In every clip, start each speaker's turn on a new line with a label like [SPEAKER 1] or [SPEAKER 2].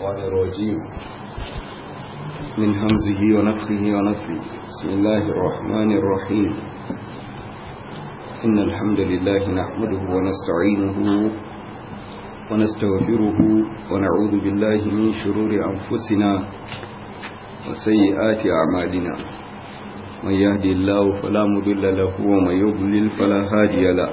[SPEAKER 1] الشيطان الرجيم من همزه ونفخه ونفخه بسم الله الرحمن الرحيم إن الحمد لله نحمده ونستعينه ونستغفره ونعوذ بالله من شرور أنفسنا وسيئات أعمالنا من يهدي الله فلا مضل له ومن يضلل فلا هادي له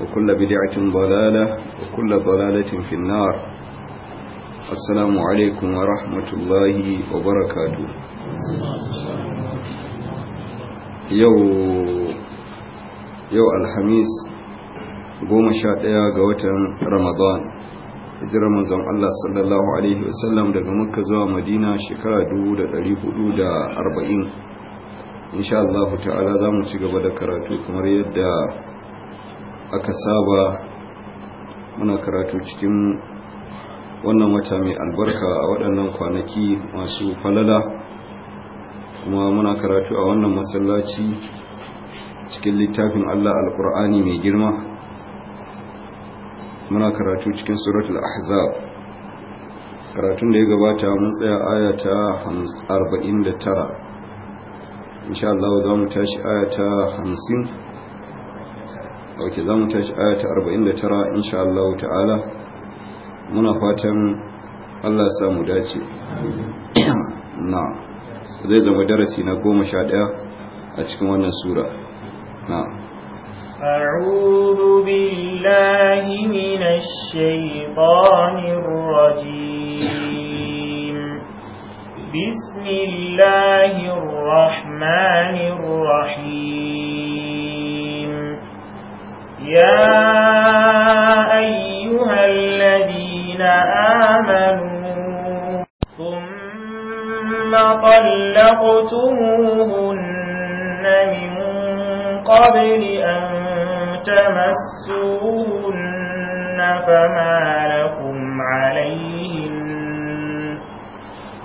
[SPEAKER 1] وكل بدعة ضلالة وكل ضلالة في النار السلام عليكم ورحمة الله وبركاته يو يو الحميس goma sha ɗaya ga watan ramazan hijirar manzon Allah sallallahu alaihi wasallam daga makka zuwa madina shekara 1440 insha Allah ta'ala za mu ci gaba da karatu kamar yadda aka saba muna karatu cikin wannan wata mai albarka a waɗannan kwanaki masu falala kuma muna karatu a wannan masallaci cikin littafin Allah alƙur'ani mai girma muna karatu cikin suratul ahzab karatun da ya gabata mun tsaya aya ta 49 insha Allah za mu tashi aya ta wake za mu tashi ayata ta 49 insha Allah ta'ala muna fatan Allah ya samu dace na zai zama darasi na goma sha ɗaya a cikin wannan sura na
[SPEAKER 2] أعوذ بالله من الشيطان الرجيم بسم الله الرحمن يا أيها الذين آمنوا ثم طلقتموهن من قبل أن تمسوهن فما لكم عليهن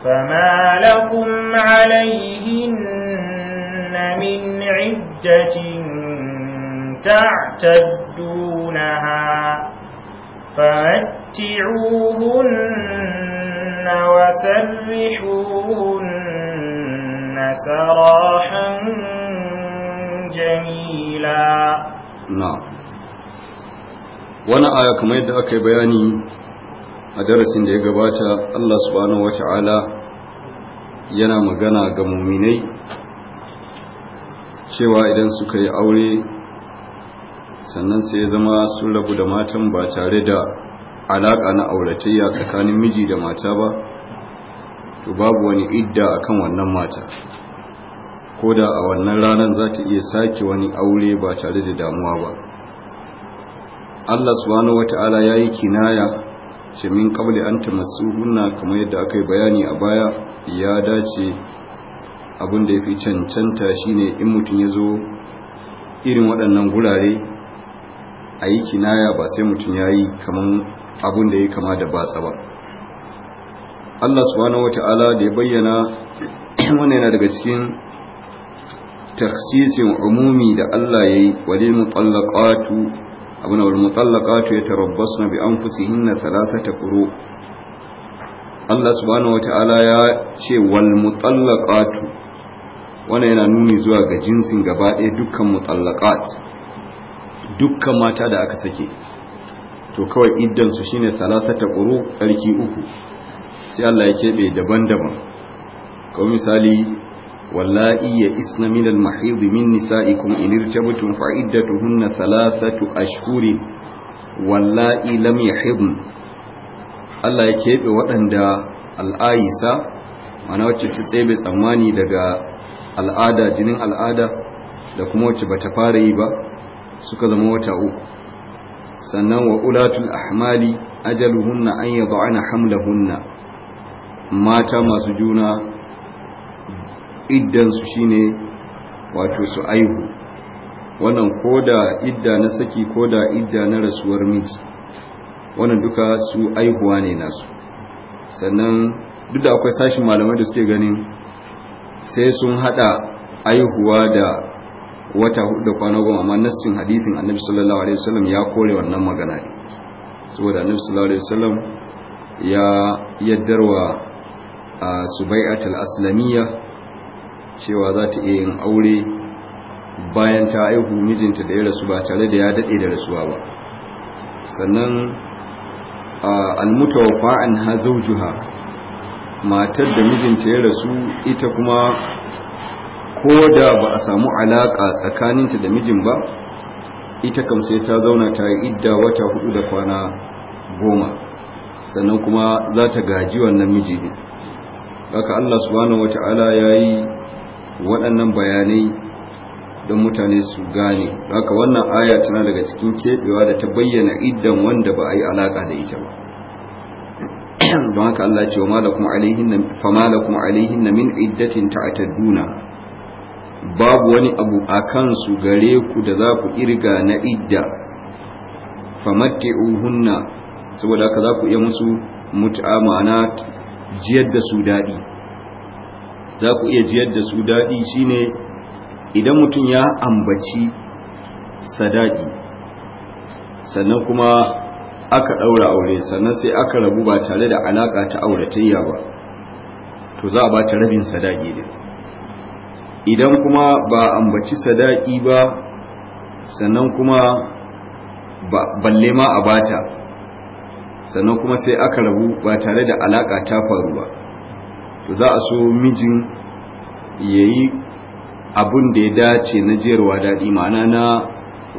[SPEAKER 2] فما لكم عليهن من عدة تعتدونها فمتعوهن وسرحوهن سراحا جميلا
[SPEAKER 1] نعم wani aya kamar yadda aka yi bayani a darasin da ya gabata Allah subhanahu wa yana magana ga muminai cewa idan suka yi aure sannan sai ya zama sun rabu da matan ba tare da alaƙa na auratayya tsakanin miji da mata ba to babu wani idda akan wannan mata ko da a wannan ranar za ta iya sake wani aure ba tare da damuwa ba Allah subhanahu wata'ala ya yi kinaya ce min kabli an tamassuhunna kamar yadda aka yi bayani a baya ya dace abin da ya fi cancanta shine in mutum ya zo irin waɗannan gurare Aikina ya ba sai mutum ya yi kaman abun da ya kama da batsa ba Allah subhanahu wata'ala da ya bayyana wannan yana daga cikin taksisin umumi da Allah ya yi walil mutallaqatu abuna wal mutallaqatu yatarabbasna bi anfusihinna thalathata quru Allah subhanahu wata'ala ya ce wal mutallaqatu wannan yana nuni zuwa ga jinsin gaba ɗaya dukkan mutallaqat dukkan mata da aka sake to kawai iddansu shine salasata quru tsarki uku sai Allah ya kebe daban-daban kawai misali wallahi ya isna min al-mahid min nisaikum in irtabtum fa iddatuhunna salasatu ashhurin wallahi lam yahidn Allah ya kebe waɗanda aisa mana wacce ta tsebe tsammani daga al'ada jinin al'ada da kuma wacce bata fara yi ba suka zama wata uku sannan wa ulatul ahmali ajaluhunna an yad'ana hamlahunna mata masu juna iddan su shine wato su aihu wannan koda idda na saki koda idda na rasuwar miji wannan duka su aihuwa ne nasu sannan duk da akwai sashin malamai da suke ganin sai sun hada aihuwa da wata hudu da kwana goma amma nassin hadithin annabi sallallahu alaihi wasallam ya kore wannan magana ne saboda annabi sallallahu alaihi wasallam ya yaddarwa a subai'atul aslamiyya cewa za ta iya yin aure bayan ta aihu mijinta da ya rasu ba tare da ya dade da rasuwa ba sannan almutawaffa an ha matar da mijinta ya rasu ita kuma ko da ba a samu alaƙa tsakaninta da mijin ba ita kam sai ta zauna ta yi idda wata hudu da kwana goma sannan kuma za ta gaji wannan miji ne haka Allah subhanahu wata'ala ya yi waɗannan bayanai don mutane su gane haka wannan aya tana daga cikin keɓewa da ta bayyana iddan wanda ba a yi alaƙa da ita ba don haka Allah ce wa malakum alaihin min iddatin ta'tadduna babu wani abu a kansu gare ku da za ku irga na idda uhunna saboda haka za ku iya musu mut'amana jiyar da su daɗi za ku iya jiyar da su daɗi shine idan mutum ya ambaci sadaki sannan kuma aka ɗaura aure sannan sai aka rabu ba tare da alaƙa ta auratayya ba to za a ba ta rabin sadaki ne idan kuma ba ambaci sadaki ba sannan kuma balle ma a bata sannan kuma sai aka rabu ba tare da alaka ta faru ba to za a so mijin ya yi abin da ya dace na jiyarwa daɗi ma'ana na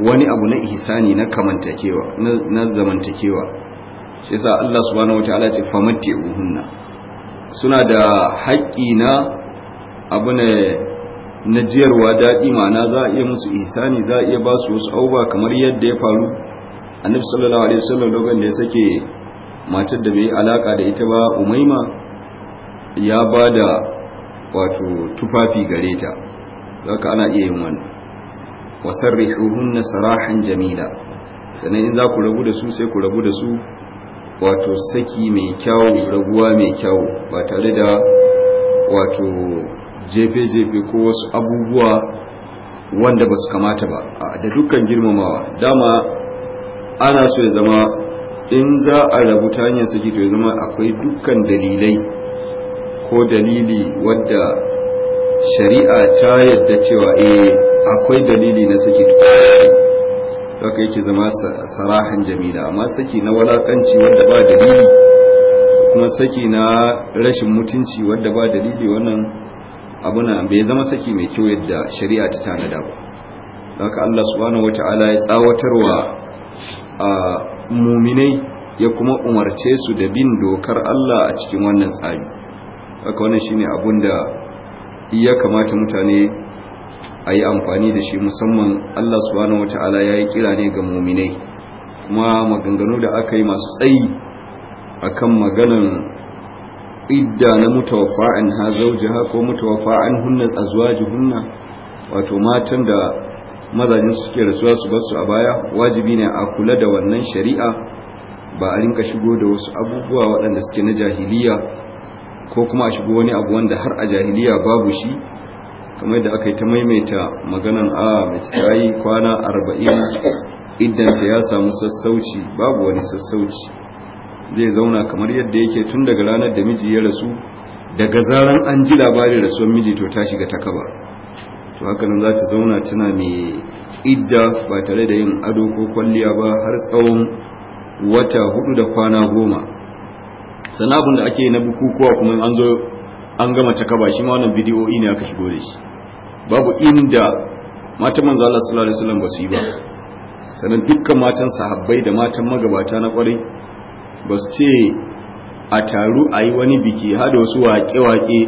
[SPEAKER 1] wani abu na ihsani na kamantakewa na zamantakewa shi yasa Allah subhanahu wataala ya ce famatti suna da haƙƙi na abu ne na jiyarwa daɗi ma'ana za a iya musu ihsani za a iya ba su wasu auba kamar yadda ya faru annabi sallallahu alaihi wasallam lokacin da ya sake matar da bai alaka da ita ba umaima ya ba da wato tufafi gare ta zaka ana iya yin wannan wasarrihuhunna sarahan jamila sannan in za ku rabu da su sai ku rabu da su wato saki mai kyau, raguwa mai kyawu ba tare da wato jefe-jefe ko wasu abubuwa wanda ba su kamata ba da dukkan girmamawa dama ana so ya zama in za a rabu ta hanyar saki to ya zama akwai dukkan dalilai ko dalili wadda shari'a ta yadda cewa eh akwai dalili na saki haka yake zama sarahan jamila amma saki na walakanci wadda ba dalili kuma saki na rashin mutunci wadda ba dalili wannan abuna bai zama saki mai kyau yadda shari'a ta tanada ba haka Allah subhanahu wata'ala ya tsawatarwa a muminai ya kuma umarce su da bin dokar Allah a cikin wannan tsari haka wannan shine abun da ya kamata mutane a yi amfani da shi musamman Allah subhanahu wata'ala ya yi kira ne ga muminai kuma maganganu da aka yi masu tsayi akan maganan idda na mutawaffa an ha zaujaha ko a an hunna azwajuhunna wato matan da mazajin suke rasuwa su basu a baya wajibi ne a kula da wannan shari'a ba a rinka shigo da wasu abubuwa waɗanda suke na jahiliya ko kuma a shigo wani abu wanda har a jahiliya babu shi kamar yadda aka yi ta maimaita maganan a mai ta kwana arba'in iddanta ya samu sassauci babu wani sassauci zai zauna kamar yadda yake tun daga ranar da miji ya rasu daga zaran an ji labarin rasuwar miji to ta shiga takaba to haka nan za ta zauna tana mai idda ba tare da yin ado ko kwalliya ba har tsawon wata hudu da kwana goma sanabun da ake na bukukuwa kuma an zo an gama takaba shi ma wannan bidiyo'i ne aka shigo da shi babu inda matan manzo Allah sallallahu alaihi wasallam ba su yi ba sanan dukkan matan sahabbai da matan magabata na kwarai ba su ce a taru a yi wani biki hada wasu waƙe-waƙe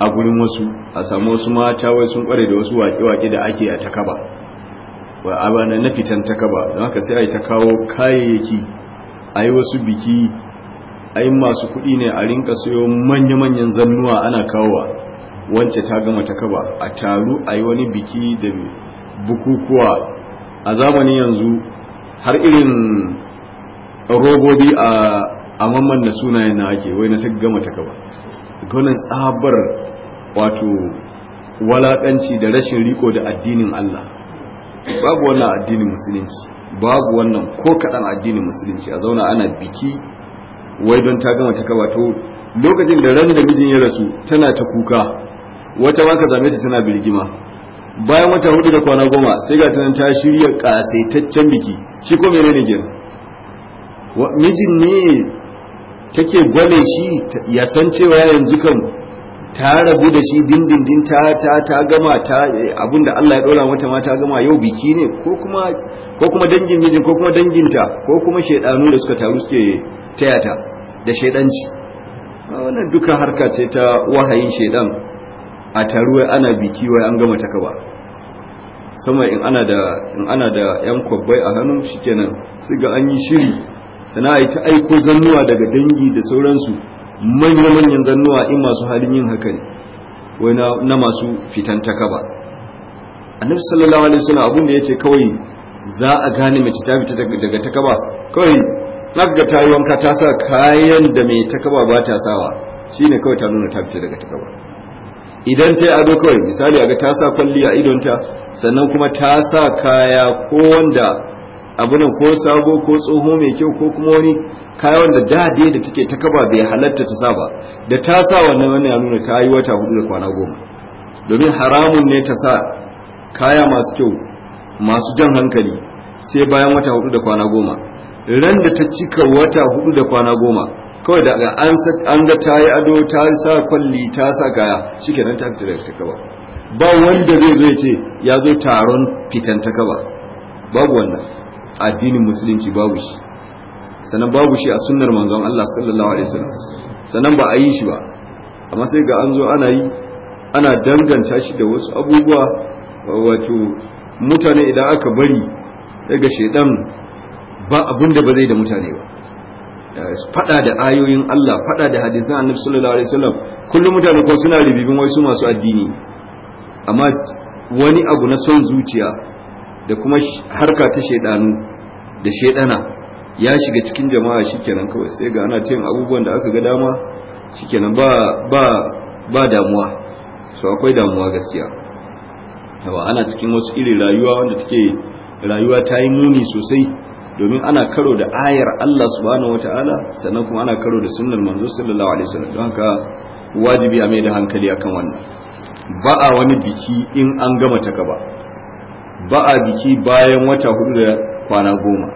[SPEAKER 1] a gurin wasu a samu wasu mata wai sun kware da wasu waƙe-waƙe da ake a takaba ba a bana na fitan takaba don haka sai a yi ta kawo kayayyaki a yi wasu biki a yi masu kuɗi ne a rinka sayo manya-manyan zannuwa ana kawowa wance ta gama takaba a taru a yi wani biki da bukukuwa a zamanin yanzu har irin robobi a mamman na sunayen na ake wai na ta gama ta kaba gonan tsabar wato walakanci da rashin riko da addinin Allah babu wannan addinin musulunci babu wannan ko kaɗan addinin musulunci a zauna ana biki wai don ta gama ta kaba to lokacin da ran da mijin ya rasu tana ta kuka wata ma ka zame ta tana birgima bayan wata hudu da kwana goma sai ga ta shirya kasaitaccen biki shi ko menene gina mijin ne take gwale shi ya san cewa yanzu kan ta rabu da shi dindindin ta ta ta gama ta abinda Allah ya dora mata ma ta gama yau biki ne ko kuma ko kuma dangin mijin ko kuma danginta ko kuma shedanu da suka taru suke tayata da shedanci wannan duka harka ce ta wahayin shedan a taruwa ana biki wai an gama ta kaba sama in ana da in ana da yan kwabbai a hannu shikenan sai ga an yi shiri sana a ta aiko zannuwa daga dangi da sauransu manya-manyan zannuwa in masu halin yin haka ne wai na masu fitan takaba annabi sallallahu alaihi wasallam abin da yace kawai za a gane mace ta fita daga takaba kawai naga ta yi wanka ta sa kayan da mai takaba ba ta sawa shine kawai ta nuna ta fita daga takaba idan ta yi ado kawai misali a aga ta sa kwalliya idonta sannan kuma ta sa kaya ko wanda abu ne ko sabo ko tsoho mai kyau ko kuma wani kayan da dai da take ta kaba bai halatta ta sa ba da ta sa wannan wani ya nuna ta yi wata hudu da kwana goma domin haramun ne ta sa kaya masu kyau masu jan hankali sai bayan wata hudu da kwana goma ran da ta cika wata hudu da kwana goma kawai da an ga ta yi ado ta sa kwalli ta sa kaya shikenan ta fita ta kaba ba wanda zai zo ya ce ya zo taron fitan ta kaba babu wannan addinin musulunci babu shi sannan babu shi a sunnar manzon Allah sallallahu alaihi wasallam sannan ba a yi shi ba amma sai ga an zo ana yi ana danganta shi da wasu abubuwa wato mutane idan aka bari daga shedan ba abin da ba zai da mutane ba eh, fada da ayoyin Allah fada da hadisan annabi sallallahu alaihi wasallam kullum mutane ko suna ribibin wasu masu addini amma wani abu na son zuciya da kuma harka ta shaidanu da shaidana ya shiga cikin jama'a shikenan kawai sai ga ana tayin abubuwan da aka ga dama shikenan ba ba ba damuwa so akwai damuwa gaskiya yawa ana cikin wasu irin rayuwa wanda take rayuwa ta yi muni sosai domin ana karo da ayar Allah subhanahu wataala sannan kuma ana karo da sunnar manzo sallallahu alaihi wasallam don haka wajibi a mai da hankali akan wannan ba a wani biki in an gama takaba ba a biki bayan wata hudu da kwana goma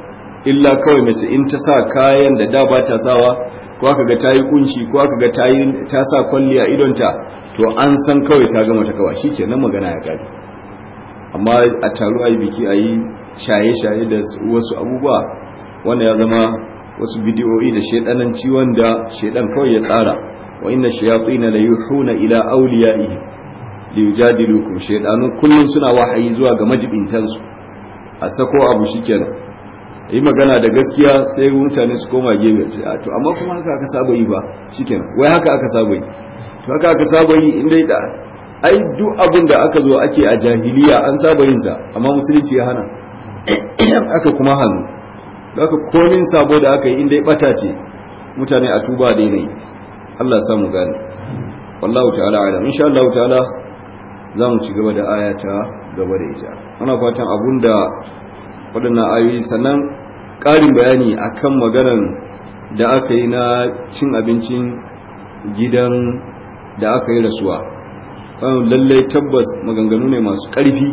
[SPEAKER 1] illa kawai mace in ta sa kayan da da ba ta sawa ko aka ga ta yi kunshi ko aka ga ta sa kwalli a idonta to an san kawai ta gama ta kawa shi ke kenan magana ya kare amma a taru a yi biki a yi shaye-shaye da wasu abubuwa wanda ya zama wasu bidiyoyi da shaidanan ciwon da shaidan kawai ya tsara wa tsina shayatin la yuhuna ila awliyaihim liyujadilukum shaydanu kullun suna wahayi zuwa ga majibintansu a sako abu shikenan yi magana da gaskiya sai mutane su koma gefe ce a to amma kuma haka aka saba yi ba shikenan wai haka aka saba yi to haka aka saba yi in dai da ai duk abin da aka zo ake a jahiliya an saba yin sa amma musulunci ya hana aka kuma hannu haka komin sabo da aka yi inda ya bata ce mutane a tuba da yanayi Allah samu gane wallahu ta'ala alam insha Allah ta'ala za mu ci gaba da ayata gaba da ita ana fatan abun da waɗannan ayoyi sannan ƙarin bayani a kan maganar da aka yi na cin abincin gidan da aka yi rasuwa lallai tabbas maganganu ne masu ƙarfi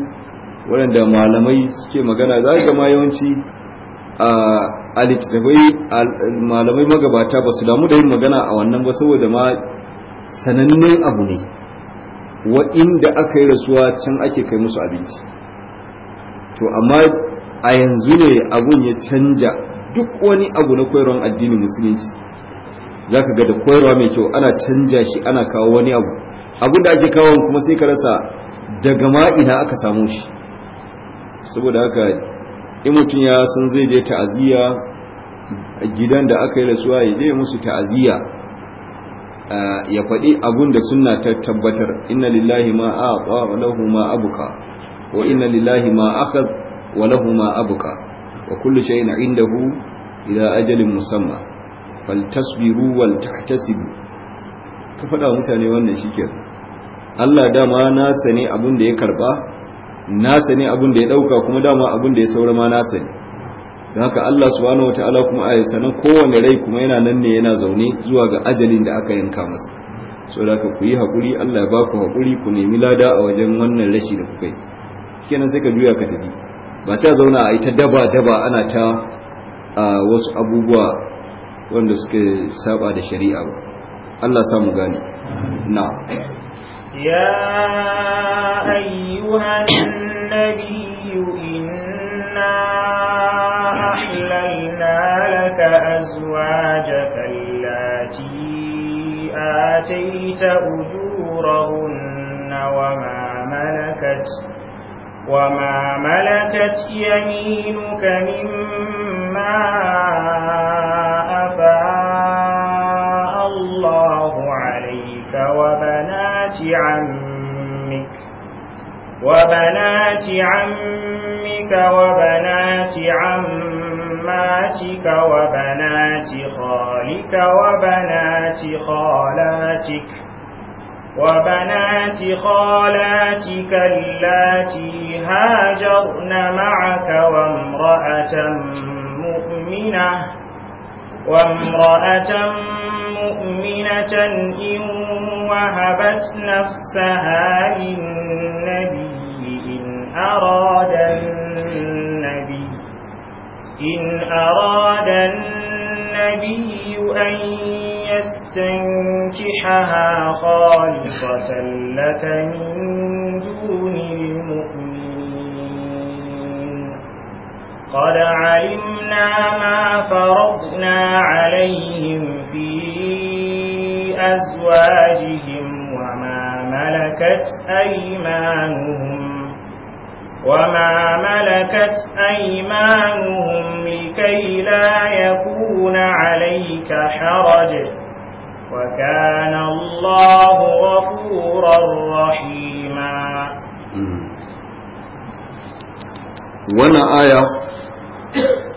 [SPEAKER 1] waɗanda malamai suke magana za a gama yawanci a littattafai malamai magabata ba su damu da yin magana a wannan ba saboda ma sanannen abu ne wa inda aka yi rasuwa can ake kai musu abinci to amma a yanzu ne abun ya canja duk wani abu na koyarwar addinin musulunci za ka ga da koyarwa mai kyau ana canja shi ana kawo wani abu abun da ake kawo kuma sai ka rasa daga ma'ina aka samu shi saboda haka in mutum ya san zai je ta'aziyya gidan da aka yi rasuwa ya je musu ta'aziyya ya faɗi abun da sunna ta tabbatar inna lillahi ma aqa wa lahu ma abuka wa inna lillahi ma akhadh wa lahu ma abuka wa kullu shay'in indahu ila ajalin musamma tasbiru wal tahtasibu ka faɗa wa mutane wannan shikenan Allah dama nasa ne abun da ya karba nasa ne abun da ya dauka kuma dama abun da ya saura ma nasa ne da haka Allah subhanahu wataala kuma a sanan kowane rai kuma yana nan ne yana zaune zuwa ga ajalin da aka yanka masa so da haka kuyi yi hakuri Allah ya baku hakuri ku nemi lada a wajen wannan rashi da kuka yi kenan sai ka juya ka tafi ba sai a zauna a ita daba daba ana ta wasu abubuwa wanda suke saba da shari'a ba Allah samu gani na
[SPEAKER 2] ya ayyuhan nabi آتيت أجورهن وما ملكت وما ملكت يمينك مما أفاء الله عليك وبنات عمك وبنات عمك وبنات عمك عماتك وبنات خالك وبنات خالاتك وبنات خالاتك اللاتي هاجرن معك وامرأة مؤمنة وامرأة مؤمنة إن وهبت نفسها للنبي إن أراد إن أراد النبي أن يستنكحها خالصة لك من دون المؤمنين قد علمنا ما فرضنا عليهم في أزواجهم وما ملكت أيمانهم وما ملكت أيمانهم لكي لا يكون عليك حرج وكان الله غفورا رحيما
[SPEAKER 1] وانا آية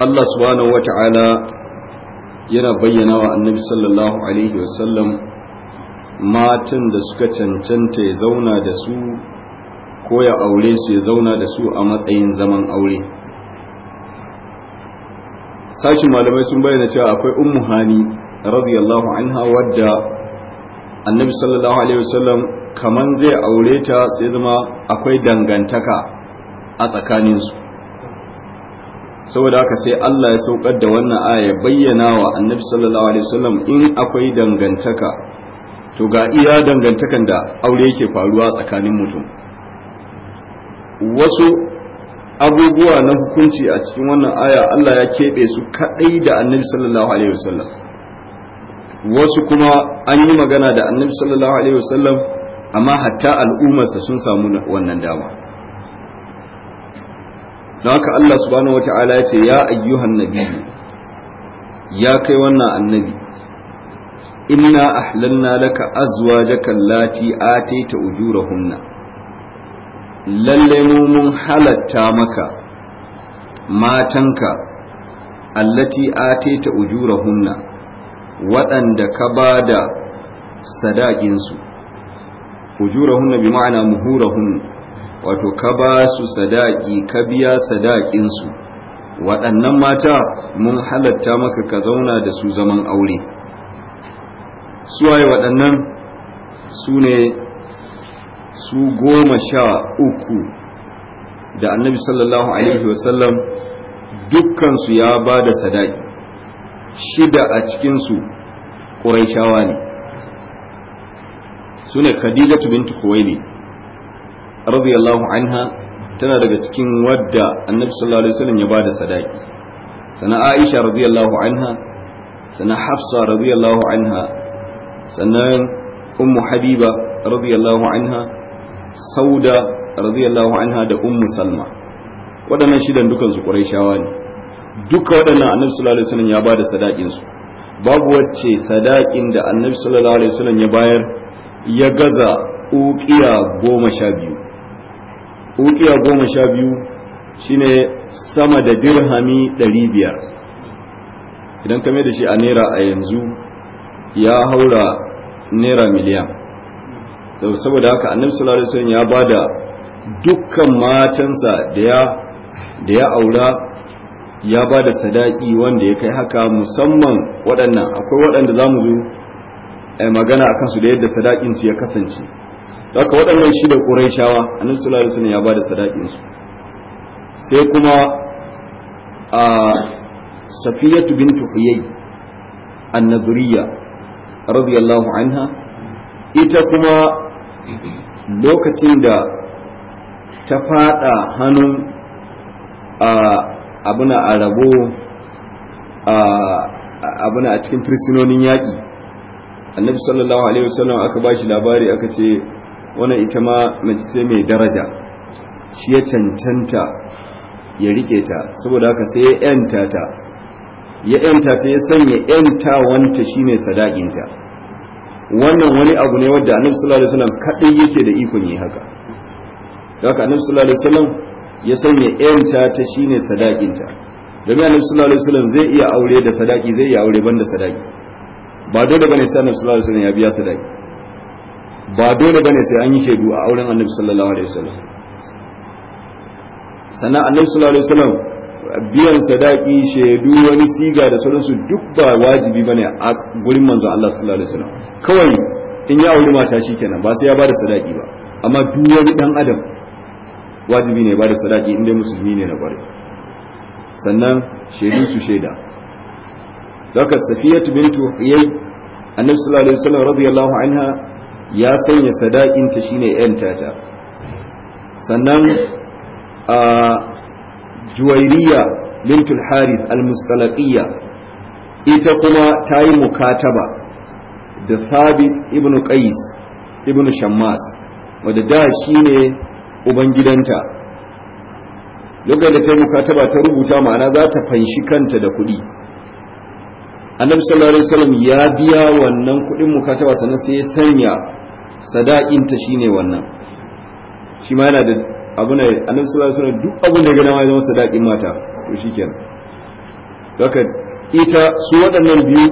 [SPEAKER 1] الله سبحانه وتعالى yana bayyana wa annabi sallallahu matan da suka cancanta ya zauna da su ko ya aure su ya zauna da su a matsayin zaman aure sashin malamai sun bayyana cewa akwai ummu hani radiyallahu anha wadda annabi sallallahu alaihi wasallam kaman zai aure ta sai zama akwai dangantaka a tsakaninsu saboda haka sai Allah ya saukar da wannan aya ya bayyana wa annabi sallallahu alaihi wasallam in akwai dangantaka to ga iya dangantakan da aure yake faruwa tsakanin mutum wasu abubuwa na hukunci a cikin wannan aya Allah ya keɓe su kaɗai da annabi sallallahu alaihi wasallam wasu kuma an yi magana da annabi sallallahu alaihi wasallam amma hatta al'ummarsa sun samu wannan dama don haka Allah subhanahu ala ya ce ya ayyuhan nabiyyu ya kai wannan annabi inna ahlanna laka azwajaka allati ataita ujurahunna lalle mu mun halatta maka matanka allati ateta ujurahunna waɗanda ka ba da sadakinsu ujurahunna bi ma'ana muhurahun wato ka ba su sadaki ka biya sadakinsu waɗannan mata mun halatta maka ka zauna da su zaman aure suwaye waɗannan su ne su goma sha uku da annabi sallallahu alaihi wasallam dukkansu ya ba da sadaki shida a cikinsu ƙuraishawa ne su ne khadijatu bintu kuwaili radiyallahu anha tana daga cikin wadda annabi sallallahu alaihi wasallam ya ba da sadaki sana aisha radiyallahu anha sana hafsa radiyallahu anha sannan ummu habiba radiyallahu anha sauda radiyallahu anha da ummu salma waɗannan shidan dukan su quraishawa ne duka waɗannan annabi sallallahu alaihi wasallam ya bada sadaqin su babu wacce sadakin da annabi sallallahu alaihi wasallam ya bayar ya gaza uqiya goma sha biyu uqiya goma sha biyu shine sama da dirhami ɗari biyar idan ka mai da shi a naira a yanzu ya haura naira miliyan saboda haka annabi sallallahu alaihi wasallam ya bada dukkan matansa da ya da ya aura ya bada sadaki wanda ya kai haka musamman waɗannan akwai waɗanda zamu mu zo magana a kansu da yadda sadakin su ya kasance haka waɗannan shi da ƙurayshawa annabi sallallahu alaihi wasallam ya bada sadakin su sai kuma a safiyatu bintu huyay annaduriya radiyallahu anha ita kuma lokacin da ta fada hannun abuna a rabo abuna a cikin firsinonin yaƙi annabi sallallahu alaihi wasallam aka bashi labari aka ce wannan ita ma mace mai daraja shi ya cancanta ya rike ta saboda haka sai ya yanta ta ya yanta ta ya sanya yanta wanta shine sadakinta wannan wani abu ne wadda annabi sallallahu alaihi wasallam kadai yake da ikon yi haka don haka annabi sallallahu alaihi wasallam ya sanya yanta ta shine sadakin ta domin annabi sallallahu alaihi wasallam zai iya aure da sadaki zai iya aure banda sadaki ba dole bane sai annabi sallallahu alaihi wasallam ya biya sadaki ba dole bane sai an yi shaidu a auren annabi sallallahu alaihi wasallam sannan annabi sallallahu alaihi wasallam biyan sadaki shaidu wani siga da sauransu duk ba wajibi bane a gurin manzo Allah sallallahu alaihi wasallam kawai in ya auri mata shikenan ba sai ya bada sadaki ba amma duk wani dan adam wajibi ne bada sadaki in dai musulmi ne na kwarai sannan shaidu su shaida daga safiyatu bintu huyay annabi sallallahu alaihi wasallam radiyallahu anha ya sanya sadakin ta shine yan tata sannan a juwairiya bintul haris al-mustalaqiyya ita kuma ta yi mukataba da sabit ibn qais ibn shammas wadda da shi ne ubangidanta lokacin da ta yi mukataba ta rubuta ma'ana za ta fanshi kanta da kuɗi annabi sallallahu alaihi ya biya wannan kuɗin mukataba sannan sai ya sanya sadaƙinta shine wannan shi ma yana da abu duk abin da ya gana ma zama sadakin mata to haka ita su waɗannan biyu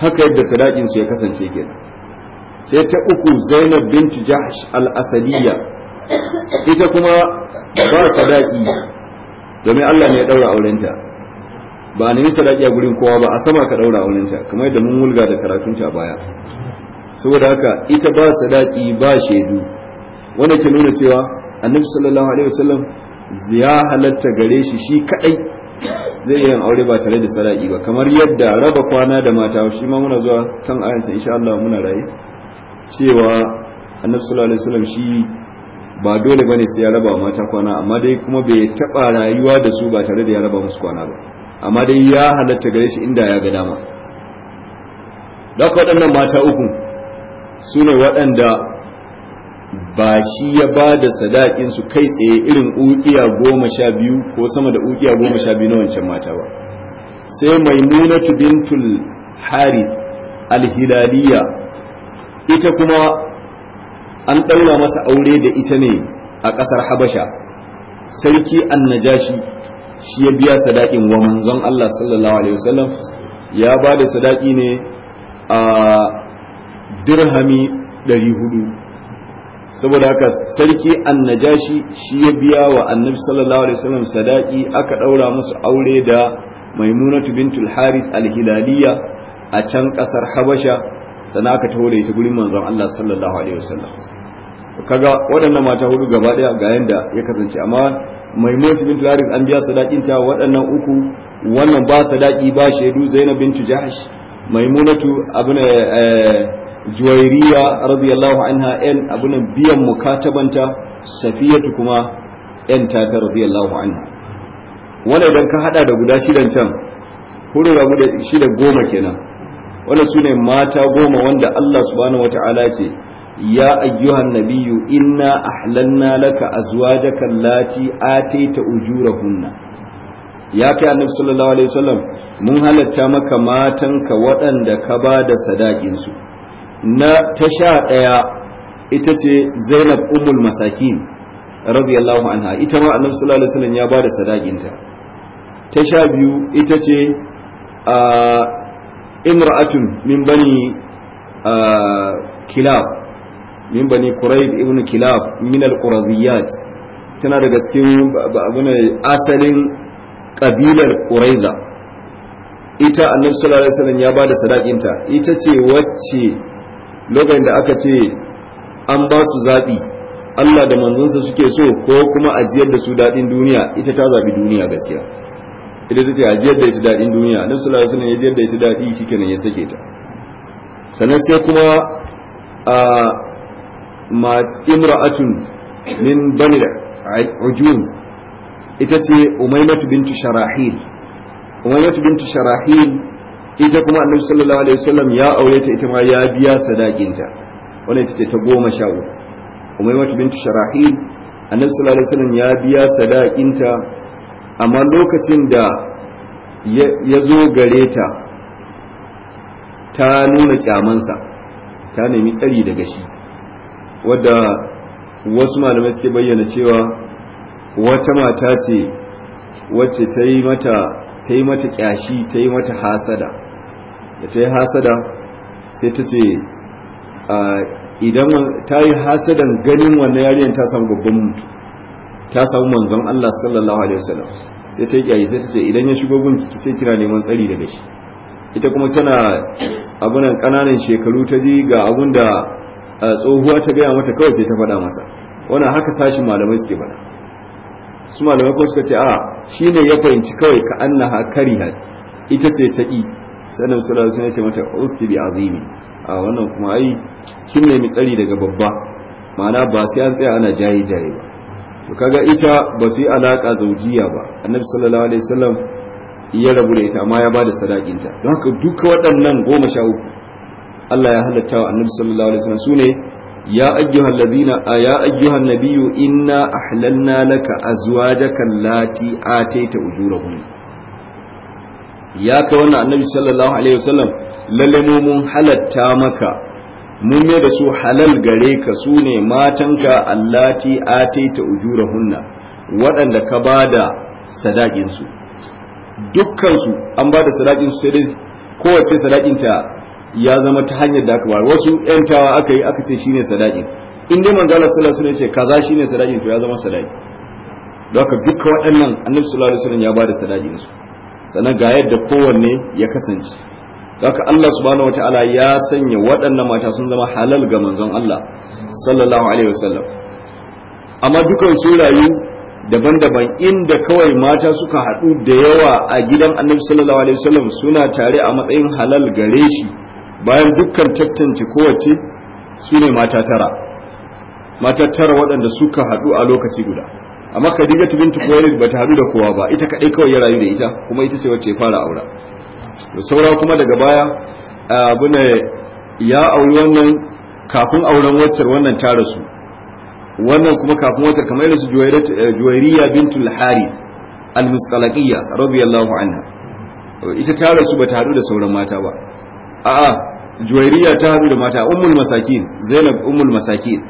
[SPEAKER 1] haka yadda sadakin su ya kasance ke sai ta uku Zainab bintu Jahsh al asaliya ita kuma ba sadaki domin Allah ne ya daura aurenta ba nemi sadaki a gurin kowa ba a sama ka ɗaura aurenta kamar yadda mun wulga da karatunta baya saboda haka ita ba sadaki ba shaidu wanda ke nuna cewa annabi sallallahu alaihi wasallam ya halatta gare shi shi kadai zai yi aure ba tare da sadaki ba kamar yadda raba kwana da mata shi ma muna zuwa kan ayansa insha Allah muna raye cewa annabi sallallahu alaihi wasallam shi ba dole bane sai ya raba mata kwana amma dai kuma bai taba rayuwa da su ba tare da ya raba musu kwana ba amma dai ya halatta gare shi inda ya ga dama da waɗannan mata uku su waɗanda ba shi ya ba da sadakin su kai tsaye irin ukiya goma sha biyu ko sama da ukiya goma sha biyu na wancan mata ba sai mai nuna bintul harith alhilaliya ita kuma an ɗaura masa aure da ita ne a ƙasar habasha sarki annajashi shi ya biya sadakin wa manzon Allah sallallahu alaihi wasallam ya ba da sadaki ne a dirhami 400 saboda haka sarki annajashi shi ya biya wa annabi sallallahu alaihi wasallam sadaki aka daura musu aure da maimunatu bintul harith alhilaliya a can kasar habasha sana aka taho da ita gurin manzon Allah sallallahu alaihi wasallam kaga waɗannan mata hudu gaba daya ga yanda ya kasance amma maimunatu bintul harith an biya sadakin ta waɗannan uku wannan ba sadaki ba shaidu zainab bintu jahsh maimunatu abuna eh, eh, juwairiya radiyallahu anha yan abunan biyan mukatabanta safiyatu kuma yan tata radiyallahu anha wannan idan ka hada da guda shidan can hudu ga da shida goma kenan wanda su ne mata goma wanda Allah subhanahu wata'ala ce ya ayyuhan nabiyyu inna ahlanna laka azwajaka allati ataita ujurahunna ya kai annabi sallallahu alaihi wasallam mun halatta maka matanka waɗanda ka ba da sadakinsu su na ta sha ɗaya ita ce zainab ummul masakin radiyallahu anha ita ma annabi sallallahu alaihi wasallam ya ba da sadakinta ta sha biyu ita ce a imra'atun min bani kilab min bani quraib ibn kilab min al-quraziyat tana daga cikin asalin kabilar quraiza ita annabi sallallahu alaihi wasallam ya bada sadakinta ita ce wacce lokacin da aka ce an ba su zaɓi Allah da manzansa suke so ko kuma ajiyar da su daɗin duniya ita ta zaɓi duniya gaskiya ita ta ce ajiyar da ita daɗin duniya annabi su alaihi wasallam ya jiyar da ita daɗi kenan ya sake ta sannan sai kuma a ma imra'atun min bani ujum ita ce umaymatu bintu sharahil umaymatu bintu sharahil ita kuma annabi sallallahu alaihi wasallam ya aure ta ita ma ya biya sadakinta wannan ita ce ta goma sha uku umaymatu bint sharahil annabi sallallahu alaihi wasallam ya biya sadakinta amma lokacin da ya zo gare ta ta nuna kyamansa ta nemi tsari daga shi wadda wasu malamai suke bayyana cewa wata mata ce wacce ta yi mata ta yi mata kyashi ta yi mata hasada da ta yi hasada sai ta ce idan ta yi hasadan ganin wannan yarinyar ta samu babban ta samu manzon Allah sallallahu alaihi wasallam sai ta yi sai ta ce idan ya shigo gun ki ce kina neman tsari daga shi ita kuma tana abunan kananan shekaru ta ji ga abun da tsohuwa ta gaya mata kawai sai ta faɗa masa wannan haka sashin malamai suke faɗa su malamai kuma suka ce a shine ya fahimci kawai ka annaha kariha ita ce ta ƙi sannan sura sun ce mata usti bi azimi a wannan kuma ai kin nemi tsari daga babba ma'ana ba sai an tsaya ana jaye jaye ba to kaga ita ba su yi alaka zaujiya ba annabi sallallahu alaihi wasallam ya rabu da ita amma ya bada sadakinta don haka duka waɗannan goma sha uku Allah ya halatta wa annabi sallallahu alaihi wasallam sune ya ayyuhal ladina ya ayyuhan nabiyyu inna ahlalna laka azwajaka allati ataita ujurahunna ya kai wannan annabi sallallahu alaihi wasallam lalle mu mun halatta maka mun yi da su halal gare ka su ne matanka allati ataita ujurahunna waɗanda ka ba da su dukkan su an ba da su sai dai kowace sadakin ta ya zama ta hanyar da aka ba wasu yantawa aka yi aka ce shine sadakin in dai manzo Allah sallallahu alaihi wasallam ce kaza shine sadakin to ya zama sadaki don haka dukkan waɗannan annabi sallallahu alaihi wasallam ya ba da su sannan ga yadda kowanne ya kasance haka Allah subhanahu wataala ya sanya waɗannan mata sun zama halal ga manzon Allah sallallahu alaihi wasallam amma dukan su rayu daban-daban inda kawai mata suka haɗu da yawa a gidan annabi sallallahu alaihi wasallam suna tare a matsayin halal gare shi bayan dukkan tattance kowace su mata tara mata tara waɗanda suka haɗu a lokaci guda amma Khadijatu bintu Khuwailid ta hadu da kowa ba ita kadai kawai ya rayu da ita kuma ita ce wacce ya fara aura da saura kuma daga baya abu ne ya auri wannan kafin auren waccar wannan ta rasu wannan kuma kafin waccar kamar yadda su eh, Juwairiya bintu lahari Al-Musqalaqiyya radiyallahu anha ita ta rasu ta hadu da sauran mata ba a'a Juwairiya ta hadu da mata Ummul Masakin Zainab Ummul Masakin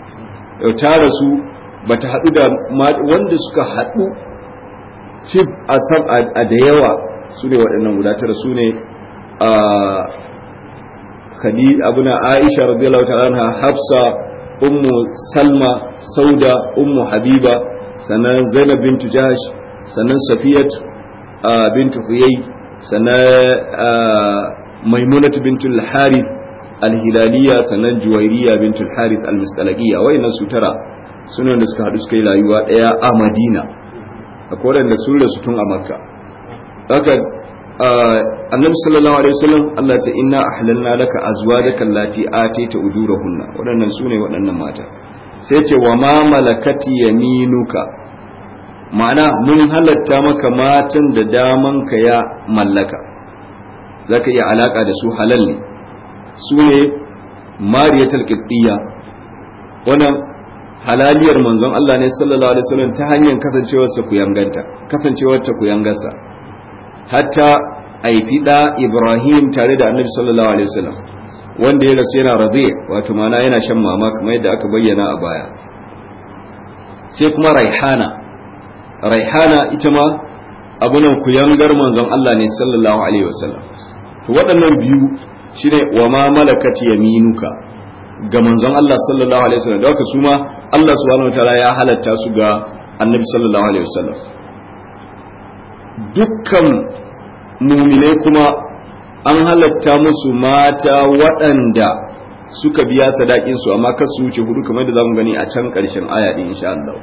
[SPEAKER 1] ta rasu bata haɗu da wanda suka haɗu cif a sam a da yawa su ne waɗannan guda tara su ne a khadi abuna aisha radiyallahu ta'ala anha hafsa ummu salma sauda ummu habiba sannan zainab bintu jahash sannan safiyat bintu huyay sannan maimunatu bintu al-harith al-hilaliya sannan juwairiya bintu al-harith al-mustalaqiyya wayannan su tara suna da suka haɗu suka yi rayuwa ɗaya a madina koren da sun rasu tun a makka haka annabi sallallahu alaihi wasallam Allah ta inna ahlalna laka azwajaka allati atayta ujurahunna waɗannan sune waɗannan mata sai ce wa ma malakati yaminuka ma'ana mun halatta maka matan da daman ka ya mallaka zaka iya alaka da su halal ne sune mariyatul qibtiyya wannan halaliyar manzon Allah ne sallallahu alaihi wasallam ta hanyar kasancewarsa ku kasancewarta kuyangarsa hatta aifi da Ibrahim tare da Annabi sallallahu alaihi wasallam wanda ya rasu yana rabi wato mana yana shan mama kamar yadda aka bayyana a baya sai kuma raihana raihana ita ma nan ku yangar manzon Allah ne sallallahu alaihi wasallam to waɗannan biyu shine wa ma malakat yaminuka ga manzon Allah sallallahu alaihi wasallam da haka su ma Allah subhanahu wataala ya halatta su ga annabi sallallahu alaihi wasallam dukkan muminai kuma an halatta musu mata waɗanda suka biya sadakin su amma kasu wuce hudu kamar da zamu gani a can karshen aya din insha Allah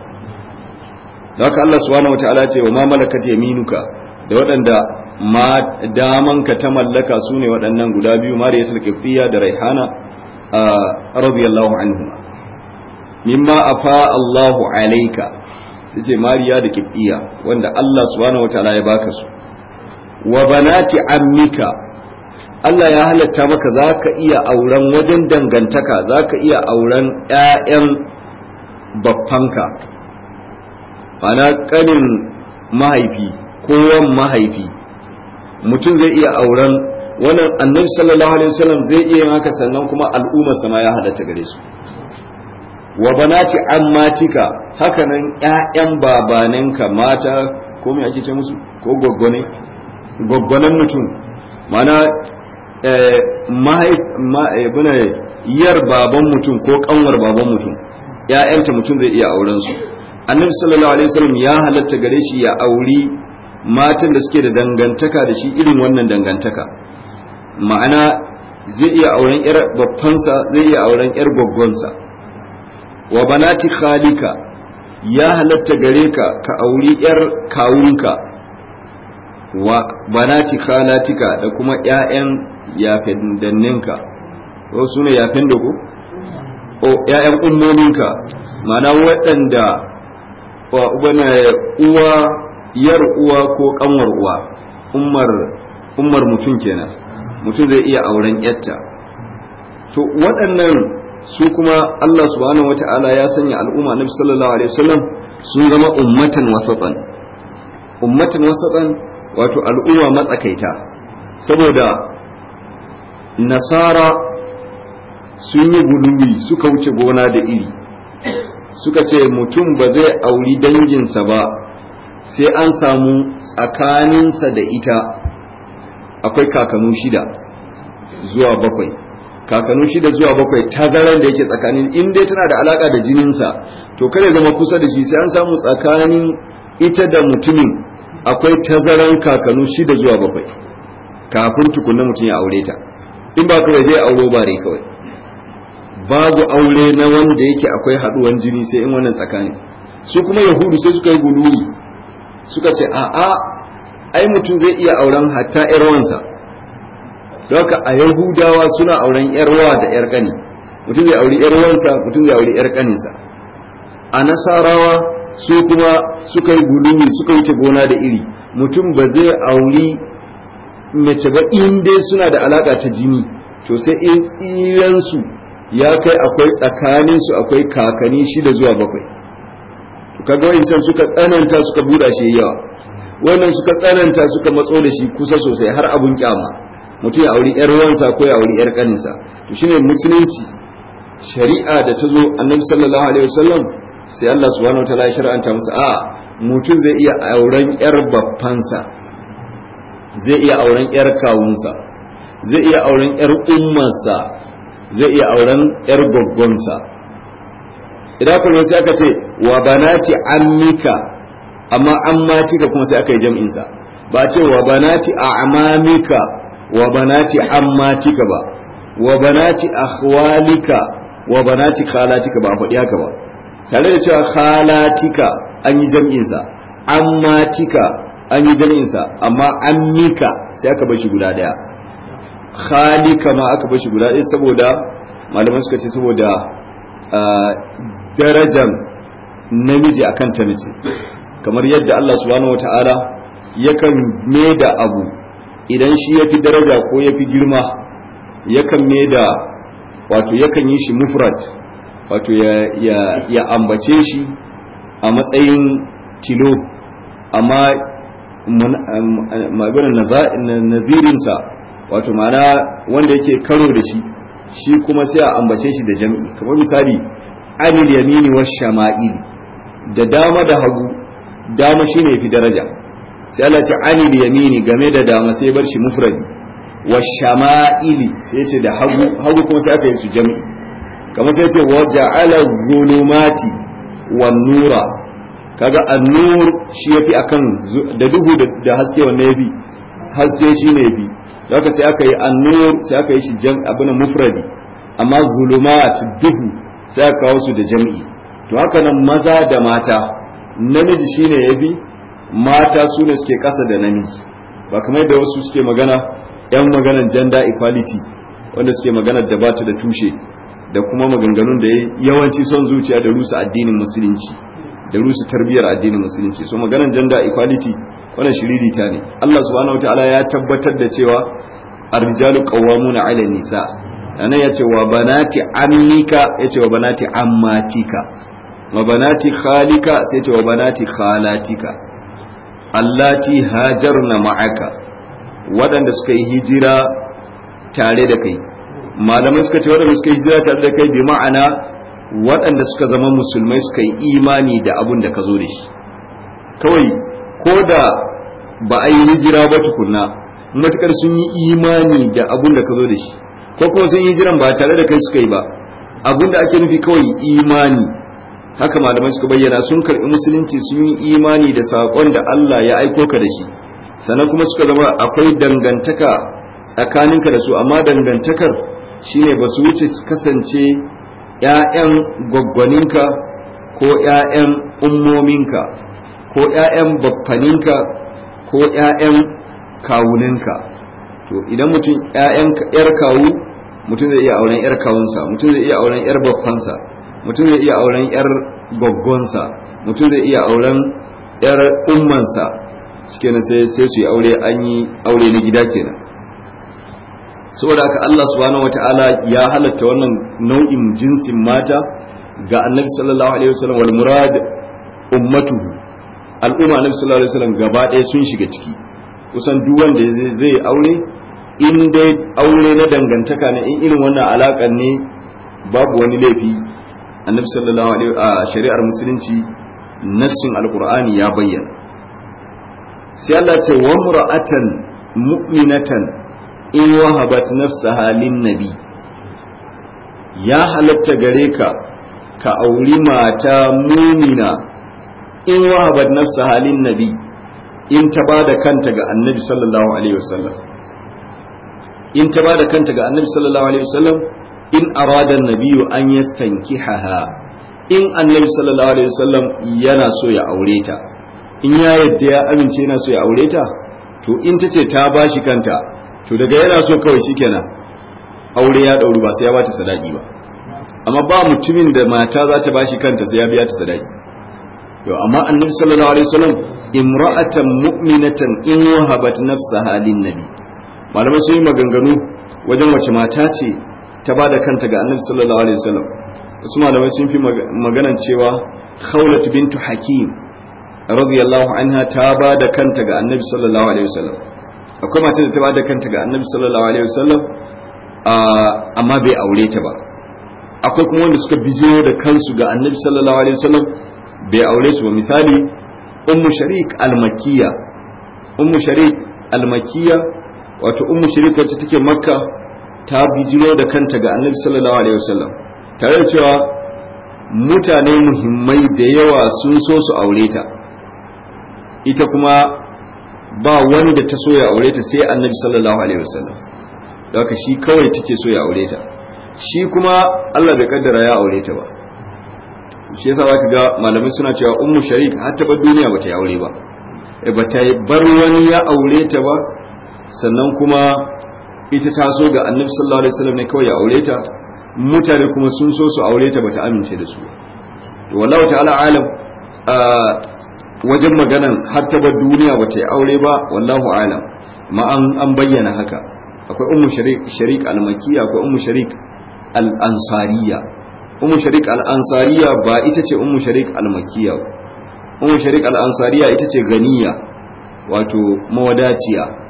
[SPEAKER 1] da haka Allah subhanahu wataala ce wa ma malakat yaminuka da waɗanda ma damanka ta mallaka su ne waɗannan guda biyu mariyatul qibtiyya da raihana radiyallahu anhu mimma afa Allahu alayka tace mariya da kibbiya wanda Allah subhanahu wataala ya baka su wa banati ammika Allah ya halatta maka zaka iya auren wajen dangantaka zaka iya auren ƴaƴan baffanka ana kanin mahaifi kowan mahaifi mutum zai iya auren wannan annabi sallallahu alaihi wasallam zai iya yin haka sannan kuma al'ummar sama ya halatta gare su wa banati ammatika hakanan ƴaƴan babaninka mata ko me ake ce musu ko gwaggwane gwaggwanen mutum mana eh, mahaifin eh, yar baban mutum ko kanwar baban mutum ƴaƴanta mutum zai iya auren su annabi sallallahu alaihi wasallam ya halatta gare shi ya auri matan da suke da dangantaka da shi irin wannan dangantaka ma'ana zai iya auren yar babbansa zai iya auren yar gwaggonsa wa banati khalika ya halatta gare ka ka auri yar kawunka wa banati khalatika da kuma ƴaƴan yafendanninka ko su ne da ku o ƴaƴan ummominka ma'ana waɗanda uwa yar uwa ko ƙanwar uwa Umar ummar mutum kenan mutum zai iya auren yatta to waɗannan su kuma Allah subhanahu wata'ala ya sanya al'umma na sallallahu alaihi wasallam sun zama ummatan wasatan ummatan wasatan wato al'umma matsakaita saboda nasara sun yi gudubi suka wuce gona da iri suka ce mutum ba zai auri danginsa ba sai an samu tsakaninsa da ita akwai kakanu shida zuwa bakwai kakanu shida zuwa bakwai tazaran da yake tsakanin in tana da alaka da jininsa to kada zama kusa da shi sai an samu tsakanin ita da mutumin akwai tazaran kakanu shida zuwa bakwai kafin tukunna mutum ya aure ta in ba kawai zai auro rai kawai babu aure na wanda yake akwai haduwan jini sai in wannan tsakanin su kuma yahudu sai suka yi gululi suka ce a'a ai mutum zai iya auren hatta yarwansa doka a yahudawa suna auren yarwa da yar kani mutum zai auri yarwansa mutum zai auri yar kaninsa a nasarawa su kuma suka yi gulumi suka wuce gona da iri mutum ba zai auri mace ba in dai suna da alaka ta jini to sai in tsiransu ya kai akwai tsakaninsu akwai kakanni shida zuwa bakwai kaga wa'incan suka tsananta suka buɗa shi yawa wannan suka tsananta suka matso da shi kusa sosai har abun kyama mutum ya auri yar wansa ko ya auri yar kaninsa to shine musulunci shari'a da ta zo annabi sallallahu alaihi wasallam sai Allah subhanahu ta'ala ya shar'anta masa a mutum zai iya auren yar babbansa zai iya auren yar kawunsa zai iya auren yar ummarsa zai iya auren yar goggonsa idan kuma sai aka ce wa banati ammika amma an ka kuma sai aka yi sa ba ce wa banati a amamika wa banati ammatika ba wa banati akhwalika wa banati khalatika ba a faɗi haka ba tare da cewa khalatika an yi jam'insa ammatika an yi sa amma an mika sai aka bar shi guda daya khalika ma aka bar shi guda daya saboda malaman suka ce saboda ah, darajar namiji akan ta mace kamar yadda Allah subhanahu wata'ala yakan maida abu idan shi ya fi daraja ko ya fi girma yakan maida wato yakan yi shi mufrad wato ya, ya, ambace shi a matsayin tilo amma maganin nazirinsa wato ma'ana wanda yake karo da shi shi kuma sai a ambace shi da jam'i kamar misali anil yamini wa shama'il da dama da hagu dama shi ne fi daraja sai Allah ce ani yamini game da dama sai bar shi mufradi wa shama'ili sai ce da hagu hagu kuma sai aka yi su jami'i kamar sai ce wa ja'ala zulumati wan nura kaga an-nur shi yafi akan da duhu da haske wanne yafi haske ne bi haka sai aka yi an-nur sai aka yi shi jam abin mufradi amma zulumat duhu sai aka kawo su da jami'i to haka nan maza da mata namiji shine ya bi mata su ne suke kasa da namiji ba kamar da wasu suke magana yan maganan janda equality wanda suke magana da ba da tushe da kuma maganganun da yawanci son zuciya da rusa addinin musulunci da rusa tarbiyyar addinin musulunci so maganan gender equality wannan shiririta ne Allah subhanahu wataala ya tabbatar da cewa Arjalu rijalu qawwamuna 'ala nisa anan ce wa banati Ya ce wa banati ammatika wa banati khalika sai ce wa banati khalatika allati hajarna ma'aka waɗanda suka yi hijira tare da kai malamai suka ce waɗanda suka yi hijira tare da kai bi ma'ana waɗanda suka zama musulmai suka yi imani da abun da ka zo da shi kawai ko da ba a yi hijira ba tukunna matukar sun yi imani da abun da ka zo da shi ko kuma sun yi hijiran ba tare da kai suka yi ba abun da ake nufi kawai imani haka malamai suka bayyana sun karbi musulunci sun yi imani da saƙon da Allah ya aiko ka da shi sannan kuma suka zama akwai dangantaka tsakaninka da su amma dangantakar shine ba su wuce kasance 'ya'yan gwaggwaninka ko 'ya'yan ummominka ko 'ya'yan baffaninka ko 'ya'yan kawuninka to idan mutum 'ya'yan 'yar kawu mutum zai iya auren 'yar kawunsa mutum zai iya auren 'yar baffansa mutum zai iya auren yar gwaggonsa mutum zai iya auren yar ummansa shikenan sai sai su yi aure an yi aure na gida kenan saboda aka Allah subhanahu wataala ya halatta wannan nau'in jinsin mata ga annabi sallallahu alaihi wasallam wal murad ummatu al'umma annabi sallallahu alaihi wasallam gaba ɗaya sun shiga ciki kusan duk wanda zai aure in dai aure na dangantaka ne in irin wannan alakan ne babu wani laifi annabi sallallahu alaihi a shari'ar musulunci nassin alqur'ani ya bayyana sai Allah ce wa mura'atan mu'minatan in wahabat nafsaha lin nabi ya halatta gare ka ka auri mata mumina in wahabat nafsaha lin nabi in ta bada kanta ga annabi sallallahu alaihi wasallam in ta bada kanta ga annabi sallallahu alaihi wasallam in arada nabiyu an haha in annabi sallallahu alaihi wasallam yana so ya aure ta in ya yadda ya amince yana so ya aure ta to in tace ta bashi kanta to daga yana so kawai shikenan aure ya dauri ba sai ya bata sadaki ba amma ba mutumin da mata za ta bashi kanta sai ya biya ta sadaki yau amma annabi sallallahu alaihi wasallam imra'atan mu'minatan in wahabat nafsaha lin nabi malama sai maganganu wajen wace mata ce ta da kanta ga annabi sallallahu alaihi wasallam wasu malamai sun fi maganan cewa khawlat bintu hakim radiyallahu anha ta da kanta ga annabi sallallahu alaihi wasallam akwai mata da ta da kanta ga annabi sallallahu alaihi wasallam amma bai aure ta ba akwai kuma wanda suka bijiyo da kansu ga annabi sallallahu alaihi wasallam bai aure su ba misali ummu sharik al-makkiya ummu sharik al-makkiya wato ummu sharik wacce take makka ta bijiro da kanta ga annabi sallallahu alaihi wasallam tare da cewa mutane muhimmai da yawa sun so su aure ta ita kuma ba wani da ta so ya aure ta sai annabi sallallahu alaihi wasallam haka shi kawai take so ya aure ta shi kuma Allah bai kaddara ya aure ta ba shi yasa zaka ga malamai suna cewa ummu sharik har ta bar duniya bata yi aure ba e eh, bata bar wani ya aure ta ba sannan kuma ita ta so ga annabi sallallahu alaihi wasallam ne kawai ya aure ta mutane kuma sun so su aure ta bata amince da su to wallahi ta'ala alam wajen maganan har ta bar duniya bata yi aure ba wallahu alam ma an bayyana haka akwai ummu shariq al-makkiya akwai ummu shariq al-ansariya ummu shariq al-ansariya ba ita ce ummu shariq al-makkiya ummu shariq al-ansariya ita ce ganiya wato mawadaciya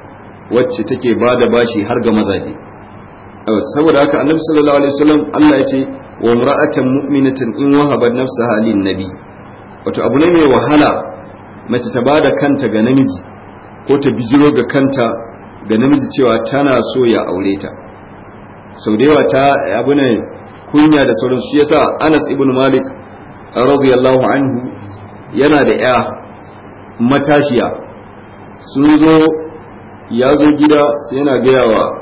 [SPEAKER 1] wacce take ba da bashi har ga mazaje saboda haka annabi sallallahu alaihi wasallam Allah ya ce wa mura'atan mu'minatin in wahaba nafsaha lin nabi wato abu ne mai wahala mace ta bada kanta ga namiji ko ta bijiro ga kanta ga namiji cewa tana so ya aure ta sau da yawa ta abu ne kunya da sauran shi yasa Anas ibn Malik radiyallahu anhu yana da ya matashiya sun zo ya zo gida sai yana gayawa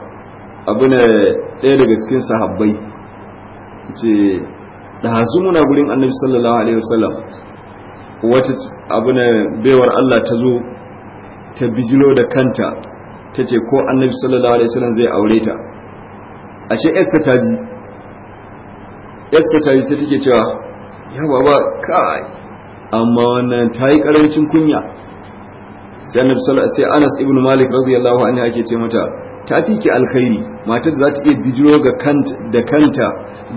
[SPEAKER 1] abu ne ɗaya daga cikin sahabbai ce da hasu muna gurin annabi sallallahu alaihi wasallam wata abu na baiwar Allah ta zo ta bijiro da kanta ta ce ko annabi sallallahu alaihi wasallam zai aure ta ashe yarsa ta ji yarsa ta ji sai take cewa ya baba kai amma wannan ta yi karancin kunya sai annabi sallallahu alaihi sai Anas ibn Malik radiyallahu anhu yake ce mata ta fi alkhairi matar za ta iya bijiro ga kanta da kanta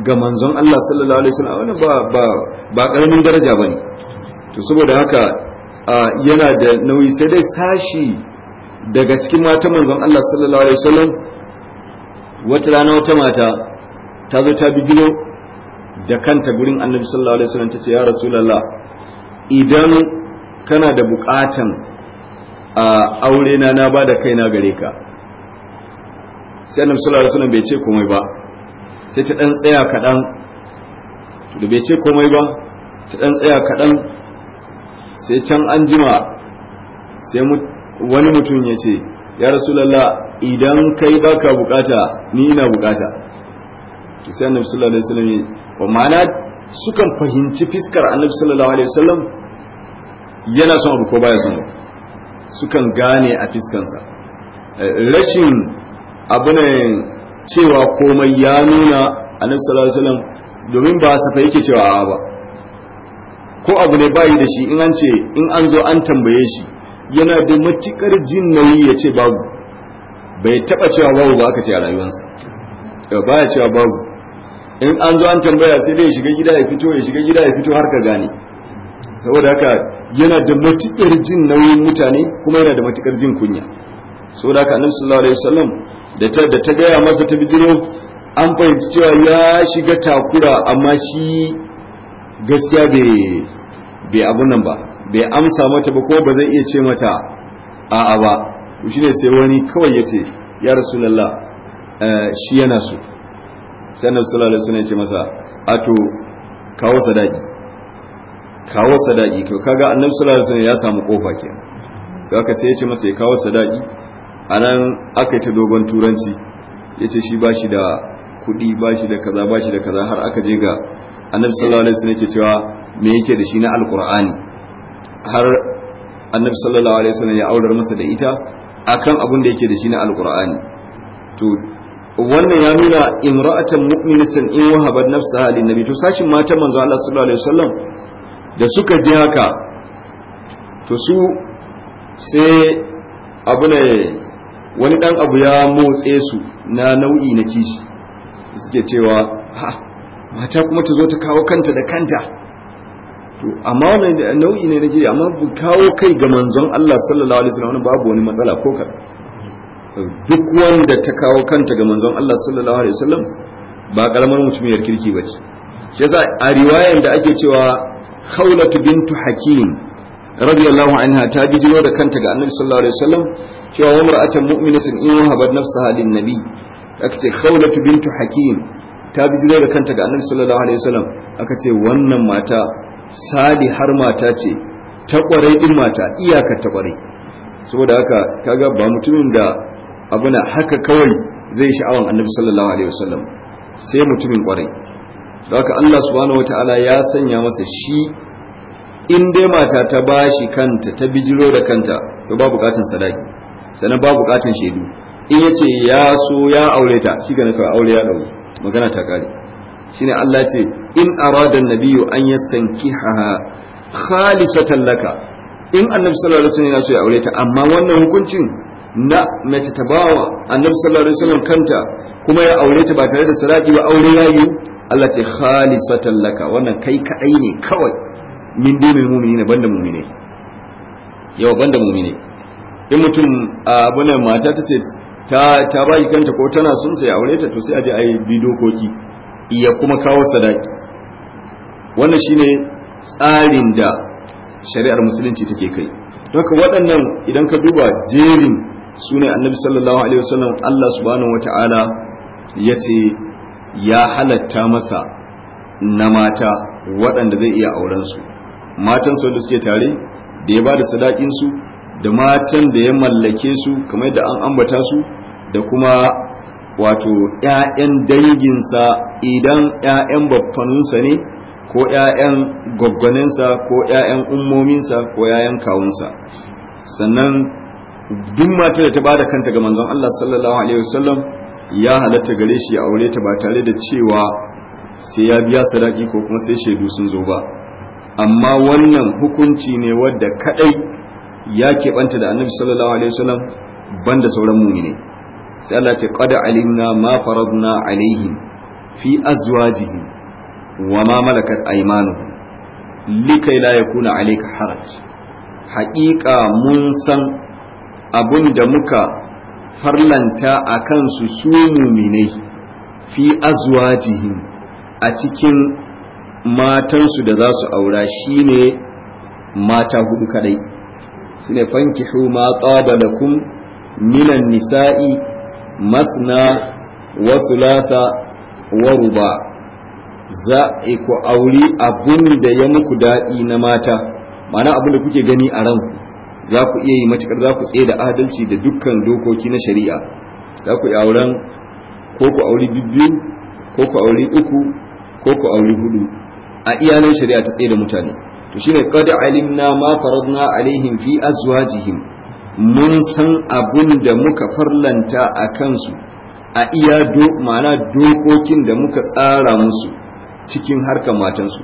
[SPEAKER 1] ga manzon Allah sallallahu alaihi wasallam wannan ba ba ba karamin daraja bane to saboda haka yana da nauyi sai dai sashi daga cikin matan manzon Allah sallallahu alaihi wasallam wata rana wata mata ta zo ta bijiro da kanta gurin annabi sallallahu alaihi wasallam tace ya rasulullah idan kana da bukatan a aure na na bada kaina gare ka sai annabi sallallahu alaihi wasallam bai ce komai ba sai ta dan tsaya kadan to da bai ce komai ba ta dan tsaya kadan sai can an jima sai wani mutum ya ce ya rasulullah idan kai baka bukata ni ina bukata to sai annabi sallallahu alaihi wasallam wa ma'ana sukan fahimci fiskar annabi sallallahu alaihi wasallam yana son abu ko baya son abu sukan gane a fiskansa eh, rashin abinan cewa komai ya nuna a nan salasalam domin ba safa yake cewa a ba ko abu ne bayi da shi in an ce in an zo an tambaye shi yana da matukar jin nauyi ya ce babu bai taba cewa babu ba aka ce a rayuwarsa eh, ya cewa babu in an zo an tambaya sai dai ya shiga gida ya fito ya shiga gida ya fito har ka gane saboda haka yana da matukar jin nauyin mutane kuma yana da matukar jin kunya So, da aka annabi sallallahu alaihi wasallam da ta da ta gaya masa ta bijiro an fahimci cewa ya shiga takura amma shi gaskiya bai bai abun nan ba bai amsa mata ba ko ba zai iya ce mata 'a ba ne sai wani kawai ya ce ya rasulullah eh, shi yana so sai annabi sallallahu alaihi ya ce masa ato kawo sadaki kawo sadaki to kaga annabi sallallahu alaihi wasallam ya samu kofa kenan to aka sai ya ce masa ya kawo sadaki anan aka yi ta dogon turanci ya ce shi bashi da kuɗi bashi da kaza bashi da kaza har aka je ga annabi sallallahu alaihi wasallam yake cewa me yake da shi na alqur'ani har annabi sallallahu alaihi wasallam ya aurar masa da ita akan abun da yake da shi na alqur'ani to wannan ya nuna imra'atan mu'minatan in wahabat nafsaha lin nabi to sashin matan manzo Allah sallallahu alaihi wasallam da suka ji haka to su sai abu ne wani dan abu ya motse su na nau'i na kishi suke cewa ha mata kuma ta zo ta kawo kanta da kanta to amma wannan nau'i ne na kishi amma bu kawo kai ga manzon Allah sallallahu alaihi wasallam babu wani matsala ko ka duk wanda ta kawo kanta ga manzon Allah sallallahu alaihi wasallam ba karamar mutumiyar kirki bace shi yasa a riwayar da ake cewa khawlatu bintu hakim radiyallahu anha ta bijiro da kanta ga annabi sallallahu alaihi wasallam cewa wa mar'atan mu'minatin in wahabat nafsaha lin nabi aka ce khawlatu bintu hakim ta bijiro da kanta ga annabi sallallahu alaihi wasallam aka ce wannan mata sali har mata ce ta kwarai din mata iyakar ta kwarai saboda haka kaga ba mutumin da abuna haka kawai zai sha'awan annabi sallallahu alaihi wasallam sai mutumin kwarai da haka Allah subhanahu wataala ya sanya masa shi in dai mata ta bashi kanta ta bijiro da kanta to ba bukatun sadaki sannan ba bukatun shaidu in yace ya so ya aure ta shi gane nufa aure ya dawo magana ta kare shine Allah ce in arada nabiyyu an yastankiha khalisatan laka in annabi sallallahu alaihi wasallam ya so ya aure ta amma wannan hukuncin na mace ta bawa annabi sallallahu alaihi wasallam kanta kuma ya aure ta ba tare da sadaki ba aure ya yi Allah ce khalisatan laka wannan kai kadai ne kawai min mumini ne banda mumini yau banda mumini in mutum abunan mata ta ce ta ta bayi kanta ko tana sun sai aure ta to sai a je a yi bidokoki iya kuma kawo sadaki wannan shine tsarin da shari'ar musulunci take kai haka waɗannan idan ka duba jerin sunan annabi sallallahu alaihi wasallam Allah subhanahu wataala ya ce ya halatta masa na mata waɗanda zai iya aurensu matan sau da suke tare da ya ba da sadakinsu da matan da ya mallake su kamar da an ambata su da kuma wato 'ya'yan danginsa idan 'ya'yan babbaninsa ne ko 'ya'yan gwaggwaninsa ko 'ya'yan ummominsa ko 'ya'yan kawunsa sannan duk matar da ta ba da kanta ga manzon Allah sallallahu alaihi wasallam ya halatta gare shi ya aure ta ba tare da cewa sai ya biya sadaki ko kuma sai shaidu sun zo ba amma wannan hukunci ne wadda kadai ya keɓanta da annabi sallallahu alaihi wasallam banda sauran mu'mini sai Allah ta qad alimna ma faradna alaihim fi azwajihim wa ma malakat aymanuhum likai la yakuna alayka haraj haƙiƙa mun san abun da muka farlanta a kansu su muminai fi azwajihim a cikin matansu da za su aura shi ne mata hudu kadai shine fankihu ma da lakum minan nisa'i masna wa thulatha wa ruba za ku auri abun da ya muku daɗi na mata ma'ana abin da kuke gani a ranku za ku iya yi matuƙar za ku tsaye da adalci da dukkan dokoki na shari'a za ku auren ko ku auri biyu ko ku auri uku ko ku auri hudu a iyalan shari'a ta tsaye da mutane to shine qad alimna ma faradna alaihim fi azwajihim mun san abin da muka farlanta a kansu a iya do ma'ana dokokin da muka tsara musu cikin harkar matansu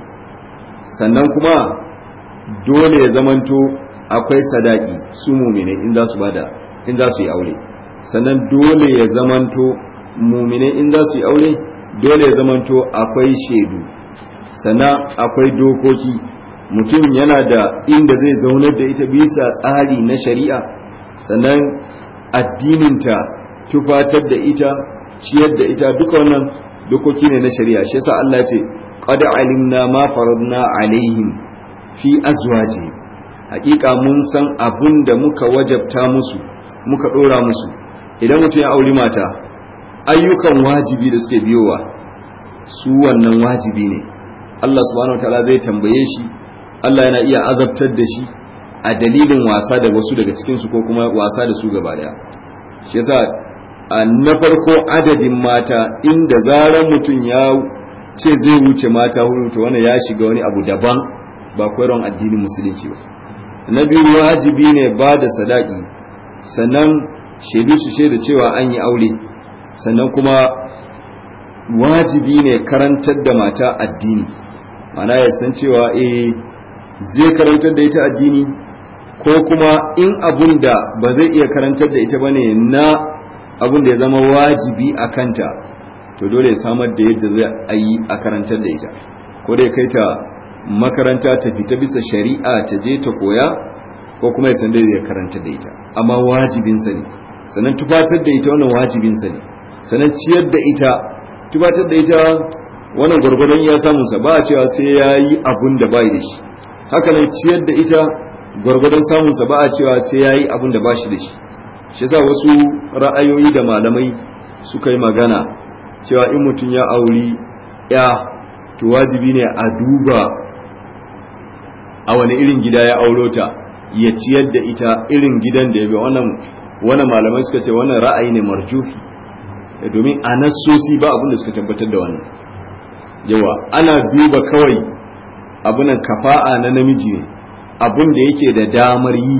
[SPEAKER 1] sannan kuma dole ya zamanto akwai sadaki su mumine in za su bada in za su yi aure sannan dole ya zamanto mumine in za su yi aure dole ya zamanto akwai shaidu sannan akwai dokoki mutum yana da inda zai zaunar da ita bisa tsari na shari'a sannan addininta tufatar da ita ciyar da ita duka wannan dokoki ne na shari'a shi yasa Allah ce qad alimna ma faradna alaihim fi azwajihim hakika mun san abin da muka wajabta musu muka dora musu idan mutum ya auri mata ayyukan wajibi da suke biyowa su wannan wajibi ne Allah subhanahu wataala zai tambaye shi Allah yana iya azabtar da shi a dalilin wasa da wasu daga cikin su ko kuma wasa da su gaba daya shi yasa na farko adadin mata inda zaran mutum ya ce zai wuce mata hudu to wannan ya shiga wani abu daban ba koyarwan addinin musulunci ba na biyu wajibi ne ba da sadaki sannan shaidu su shaida cewa an yi aure sannan kuma wajibi ne karantar da mata addini mana ya san cewa eh zai karantar da ita addini ko kuma in abun da ba zai iya karantar da ita ba ne na abun da ya zama wajibi a kanta to dole ya samar da yadda zai a yi a karantar da ita ko dai kai ta makaranta ta fita bisa shari'a ta je ta koya ko kuma ya san dai ya karanta da ita amma wajibinsa ne sannan tubatar da ita wannan wajibinsa ne sannan ciyar da ita tubatar da ita wannan gwargwadon ya samun sa ba a cewa sai ya yi abun da bai da shi haka nan ciyar da ita gwargwadon samun sa ba a cewa sai ya yi abun da ba shi da shi shi za wasu ra'ayoyi da malamai suka yi magana cewa in mutum ya auri ya to wajibi ne a duba a wani irin gida ya auro ta ya ciyar da ita irin gidan da ya bi wannan wannan malamai suka ce wannan ra'ayi ne marjuhi eh, domin a nassosi ba abin da suka tabbatar da wannan yawa ana duba kawai abunan kafa'a na namiji ne abin da yake da damar yi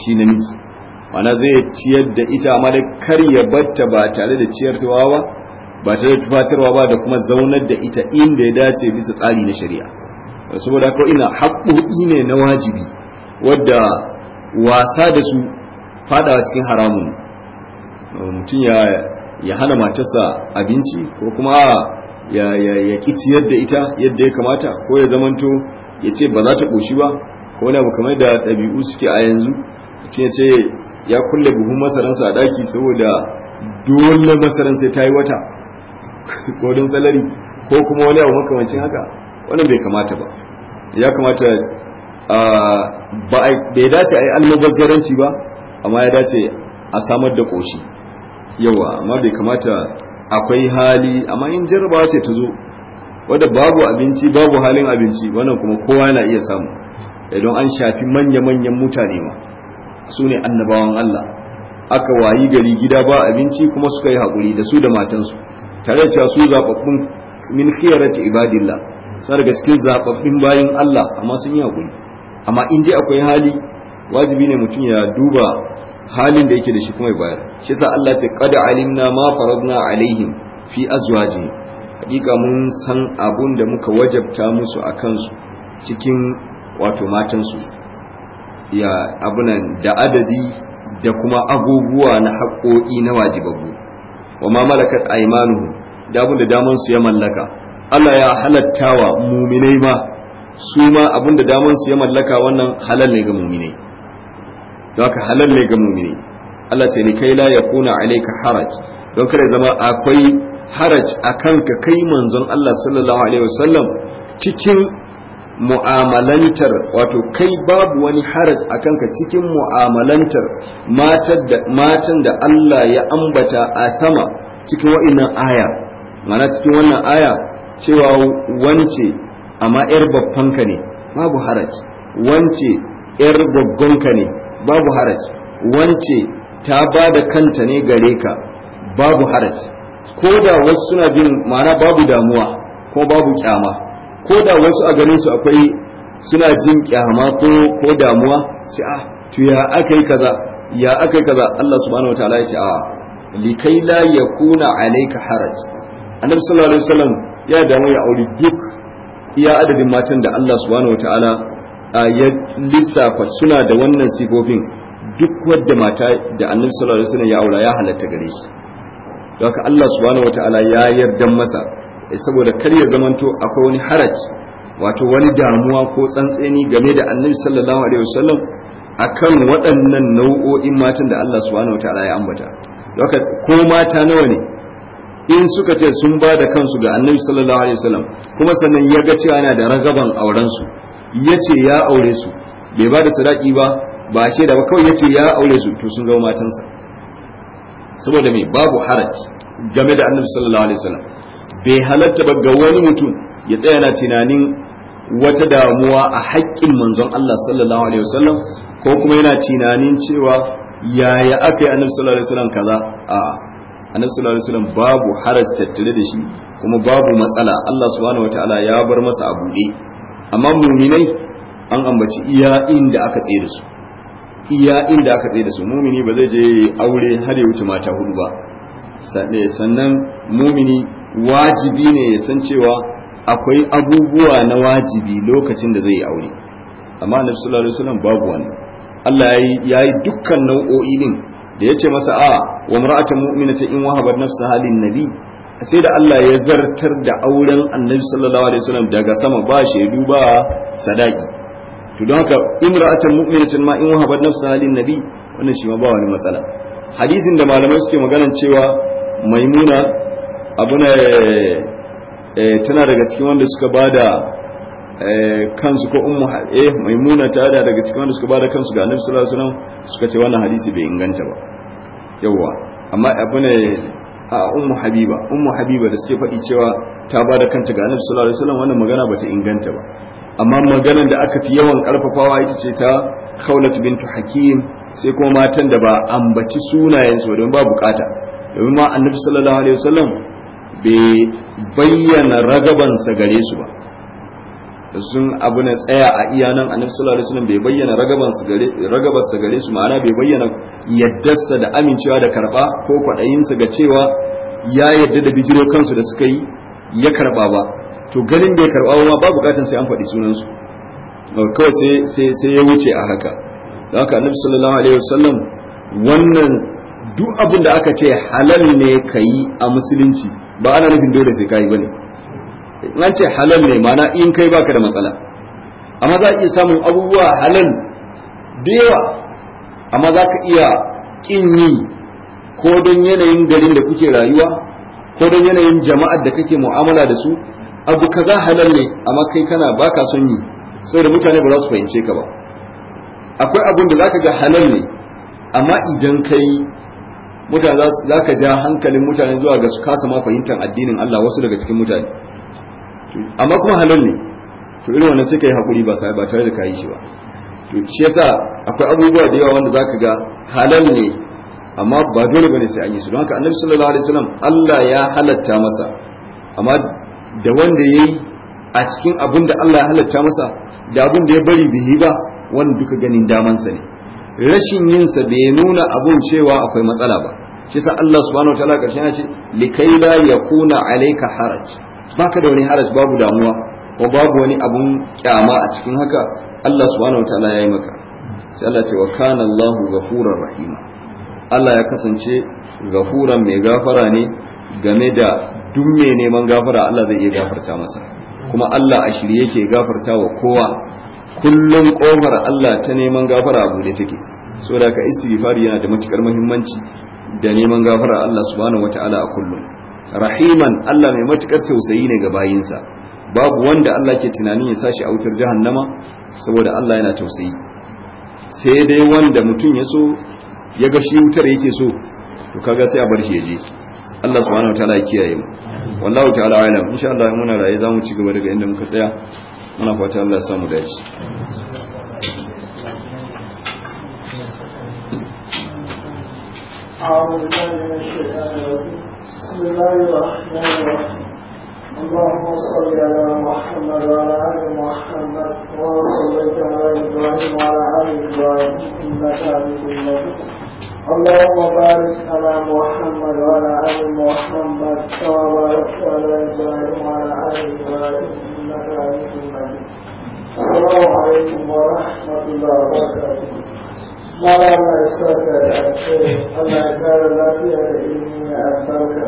[SPEAKER 1] shi namiji wana zai ciyar da ita amma da kar ya batta ba tare da ciyarwa ba ba tare da tufatarwa ba da kuma zaunar da ita inda ya dace bisa tsari na shari'a saboda haka ina haƙoƙi ne na wajibi wadda wasa da su fadawa cikin haramun mutum ya hana matarsa abinci ko kuma ya ƙi yadda ita yadda ya kamata ko ya zamanto ya ce ba za ta ƙoshi ba ko wani abu kamar da ɗabi'u suke a yanzu mutum ya ce ya kulle buhun masaransa a ɗaki saboda dole masaransa ta yi wata ko don salari ko kuma wani abu makamancin haka wannan bai kamata ba ya kamata ba bai dace a yi almubazzaranci ba amma ya dace a samar da ƙoshi yawa amma bai kamata akwai hali amma in jarraba ce ta zo wadda babu abinci babu halin abinci wannan kuma kowa na iya samu idan eh, an shafi manya-manyan mutane ma su ne annabawan Allah aka wayi gari gida ba abinci kuma suka yi haƙuri da su da matansu tare da cewa su zaɓaɓɓun min khiyarati ibadillah sa daga cikin zababbin bayan Allah amma sun yi hakuri amma in dai akwai hali wajibi ne mutum ya duba halin da yake da shi kuma ya bayar shi sa Allah ce qad alimna ma faradna alaihim fi azwaji hakika mun san abun da muka wajabta musu a kansu cikin wato matansu ya abunan da adadi da kuma abubuwa na haƙoƙi na wajibabu wa ma malakat aymanuhum da abun da daman su ya mallaka Allah ya wa muminai ma su ma abin da damar su ya mallaka wannan halal ne ga muminai don haka halal ne ga muminai Allah ce ni kai la ya alai ka haraj don kada zama akwai haraj akan ka kai manzon Allah sallallahu alaihi wasallam cikin mu'amalantar wato kai babu wani haraj a kanka cikin mu'amalantar matan da Allah ya ambata a sama cikin wa'innan aya mana cikin wannan aya cewa wance amma yar babbanka ne babu haraji wance yar babbanka ne babu haraji wance ta ba da kanta ne gare ka babu haraji ko da wasu suna jin ma'ana babu damuwa ko babu kyama ko da wasu a ganin su akwai suna jin kyama ko ko damuwa sai a ah, to ya akai kaza ya akai kaza Allah subhanahu wataala ya ce a likai la yakuna alayka haraj annabi sallallahu alaihi wasallam ya damu ya auri duk iya adadin matan da Allah subhanahu ta'ala ya lissafa suna da wannan sifofin duk wadda mata da annabi sallallahu alaihi wasallam ya aura ya halatta gare shi don haka Allah subhanahu ta'ala ya yarda masa eh, saboda kar ya zamanto akwai wani haraj wato wani damuwa ko tsantseni game da annabi sallallahu alaihi wasallam akan waɗannan nau'o'in matan da Allah subhanahu ta'ala ya ambata don haka ko mata nawa ne in suka ce sun ba da kansu ga annabi sallallahu alaihi wasallam kuma sannan ya ga cewa yana da ragaban auren su ya ce ya aure su bai ba da sadaki ba ba a da ba kawai ya ce ya aure su to sun zama matansa saboda me babu haraj game da annabi sallallahu alaihi wasallam bai halatta ba ga wani mutum ya tsaya na tunanin wata damuwa a haƙƙin manzon Allah sallallahu alaihi wasallam ko kuma yana tunanin cewa yaya aka yi annabi sallallahu alaihi wasallam kaza a'a annabi sallallahu alaihi wasallam babu haras tattare da shi kuma babu matsala Allah subhanahu wataala ya bar masa a buɗe amma muminai an ambaci iya inda aka tsaye da su iya inda aka tsaye da su mumini ba zai je aure har ya wuce mata hudu ba sannan mumini wajibi ne ya san cewa akwai abubuwa na wajibi lokacin da zai yi aure amma annabi sallallahu alaihi wasallam babu wannan Allah ya yi dukkan nau'o'i din da ya yace masa a wa mar'atan mu'minatin in wahaba nafsa halin nabi sai da Allah ya zartar da auren annabi sallallahu alaihi wasallam daga sama ba shaidu ba sadaki to don haka imra'atan mu'minatin ma in wahaba nafsa halin nabi wannan shi ma ba wani matsala hadisin da malamai suke magana cewa maimuna abuna eh, tana daga cikin wanda suka bada Eh, kansu ko ummu eh maimuna ta da daga cikin wanda suka bada kansu ga annabi sallallahu alaihi wasallam suka ce wannan hadisi bai inganta ba yawa amma abu ne a ummu habiba ummu habiba da suke faɗi cewa ta bada kanta ga annabi sallallahu alaihi wasallam wannan magana bata inganta ba amma maganar da aka fi yawan karfafawa ita ce ta khawlat bintu hakim sai kuma matan da ba ambaci su don ba bukata domin ma annabi sallallahu alaihi wasallam bai bayyana ragabansa gare su ba sun abu na tsaya a iya nan annabi sallallahu bai bayyana ragabar sa gare su ma'ana bai bayyana yaddarsa da amincewa da karba ko kwaɗayinsa ga cewa ya yadda da bijiro kansu da suka yi ya karba ba to ganin bai karba ba ba bukatan sai an faɗi sunansu kawai sai ya wuce a haka don haka sallallahu alaihi wasallam wannan duk abin da aka ce halal ne ka yi a musulunci ba ana nufin dole sai ka yi bane an ce halal ne mana in kai baka da matsala amma za ka iya samun abubuwa halal da yawa amma za ka iya kin yi ko don yanayin garin da kuke rayuwa ko don yanayin jama'ar da kake mu'amala da su abu kaza halal ne amma kai kana baka son yi saboda mutane ba za su fahimce ka ba akwai abun da zaka ga halal ne amma idan kai mutane za ka ja hankalin mutane zuwa ga su kasa ma fahimtar addinin Allah wasu daga cikin mutane amma kuma halal ne to irin wannan sai kai hakuri ba sai ba tare da kayi shi ba to shi yasa akwai abubuwa da yawa wanda zaka ga halal ne amma ba dole bane sai an yi su don haka annabi sallallahu alaihi wasallam Allah ya halatta masa amma da wanda yayi a cikin abin da Allah ya halatta masa da abin da ya bari bihi ba wanda duka ganin daman sa ne rashin yin sa bai nuna abun cewa akwai matsala ba shi yasa Allah subhanahu wataala karshen ya ce likai la yakuna alayka haraj baka da wani haraj babu damuwa ko babu wani abun kyama a cikin haka Allah subhanahu wataala yayi maka sai Allah ce wa kana Allahu ghafurur rahima Allah ya kasance gafuran mai gafara ne game da duk mai neman gafara Allah zai iya gafarta masa kuma Allah a shirye yake gafarta wa kowa kullum kofar Allah ta neman gafara a bude take saboda ka istighfar yana da matukar muhimmanci da neman gafara Allah subhanahu ta'ala a kullum rahiman Allah mai matukar tausayi ne ga bayinsa babu wanda Allah ke tunanin ya sashi a wutar jahannama saboda Allah yana tausayi sai dai wanda mutum ya so ya ga shi wutar yake so to kaga sai a bar shi ya je Allah subhanahu ta'ala ya kiyaye mu wallahu ta'ala alam insha Allah muna raye zamu ci gaba daga inda muka tsaya muna fata Allah ya samu
[SPEAKER 3] dace اللهم صل على محمد وعلى آل محمد وصليت على إبراهيم وعلى آل إبراهيم إنك حميد مجيد اللهم بارك على محمد وعلى آل محمد كما على إبراهيم وعلى آل إبراهيم إنك حميد مجيد السلام عليكم ورحمة الله وبركاته Malam ya saka da alkhairi, Allah ya kara lafiya da ilimi ya albarka.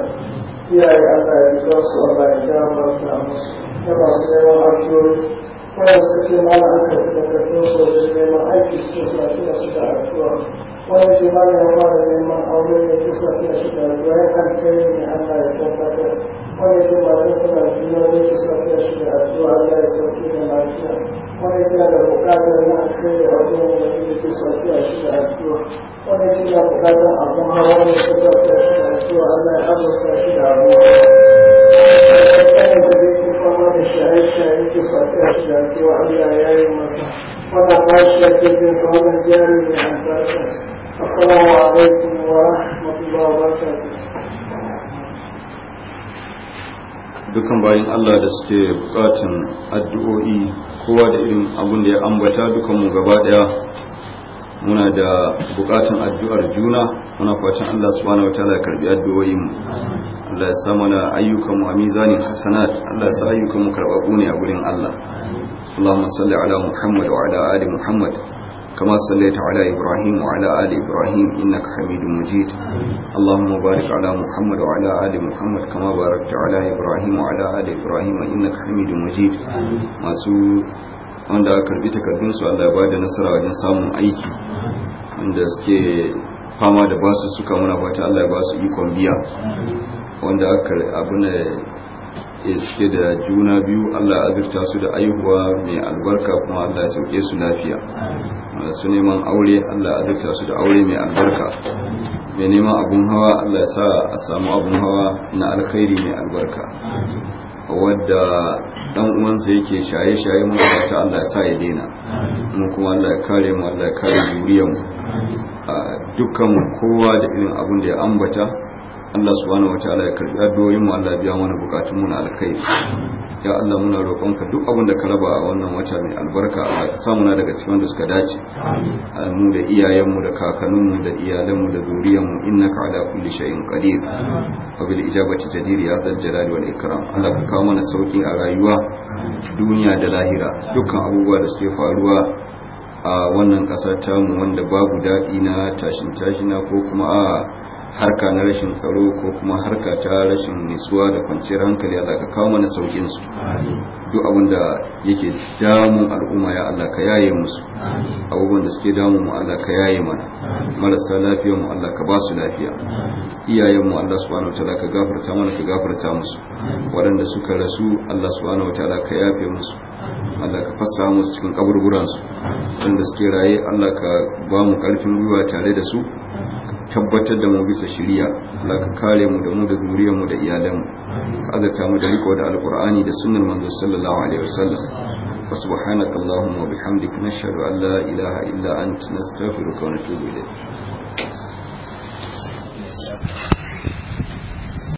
[SPEAKER 3] Iyaye Allah ya ji su Allah ya gafarta musu. Ta masu neman arzuri, kada su ce malam aka fi takardun sojin neman aiki su sa suna su da addu'a. Wani ce malam aure ne kusa suna shi da addu'a ya kan kai ne Allah ya tabbatar. wanda sai ba wani suna juna da ke shi da addu'a Allah ya sauke da lafiya wanda sai da bukatar na akai da wajen da ke suka fiye shi da addu'a wanda sai da bukatar abun hawa da ke suka fiye shi da addu'a Allah ya azurta shi da abun hawa da ke fama da shaye-shaye ke fasiya shi da addu'a Allah ya yi masa wanda ba shi da ke jin sauran jari mai assalamu alaikum wa rahmatullahi wa barakatuh
[SPEAKER 1] dukkan bayan Allah da suke bukatun addu'o'i kowa da irin abin da ya ambata dukanmu gaba daya muna da bukatun addu'ar juna muna fatan Allah subhanahu wataala ya karbi addu'o'in mu Allah ya sa mana ayyukan a mizanin hasanat Allah ya sa ayyukanmu mu ne a gurin Allah Allahumma salli ala Muhammad wa ala ali Muhammad كما صليت على إبراهيم وعلى آل إبراهيم إنك حميد مجيد اللهم بارك على محمد وعلى آل محمد كما باركت على إبراهيم وعلى آل إبراهيم إنك حميد مجيد ما سوء عند أكر بيتك الدنس Allah ba نصر nasara wajen samun aiki wanda suke fama da basu الله باس إيكم بيا عند أكر أبنى iske da juna biyu Allah azurta su da aihuwa mai albarka kuma Allah ya sauke su lafiya masu neman aure Allah ya azurta su da aure mai albarka mai neman abun hawa Allah ya sa a samu abun hawa na alkhairi mai albarka wadda dan uwansa yake shaye-shaye mu ta Allah ya sa ya daina mu kuma Allah ya kare mu Allah ya kare zuriyar mu dukkan kowa da irin abun da ya ambata Allah subhanahu wataala ya karbi addu'o'in mu Allah ya biya mana bukatun mu na alkhairi ya Allah muna roƙonka duk abin da ka raba a wannan wata mai albarka a samuna daga cikin da suka dace mu da iyayenmu da kakanninmu da iyalanmu da zuriyanmu innaka ala kulli shay'in qadir wa bil ijabati jadir ya zal jalali wal ikram Allah ka kawo mana sauki a rayuwa duniya da lahira dukkan abubuwa da suke faruwa a wannan ƙasa tamu wanda babu daɗi na tashin tashina ko kuma a harka na rashin tsaro ko kuma harka ta rashin nisuwa da kwanciyar hankali ya ka kawo mana saukin su duk abin da yake damun al'umma ya Allah ka yaye musu abubuwan da suke damun mu Allah ka yaye mana marasa lafiyar mu Allah ka ba su lafiya iyayen mu Allah subhanahu wataala ka gafarta mana ka gafarta musu waɗanda suka rasu Allah subhanahu wataala ka yafe musu Allah ka fassa musu cikin kaburburan su waɗanda suke raye Allah ka ba mu karfin gwiwa tare da su tabbatar da mu bisa shiriya laka ka kare mu da mu da zuriyar mu da iyalan mu ka azata mu da riko da alqur'ani da sunnar manzo sallallahu alaihi wasallam subhanakallahumma wa bihamdika nashhadu an la ilaha illa anta nastaghfiruka wa natubu ilayk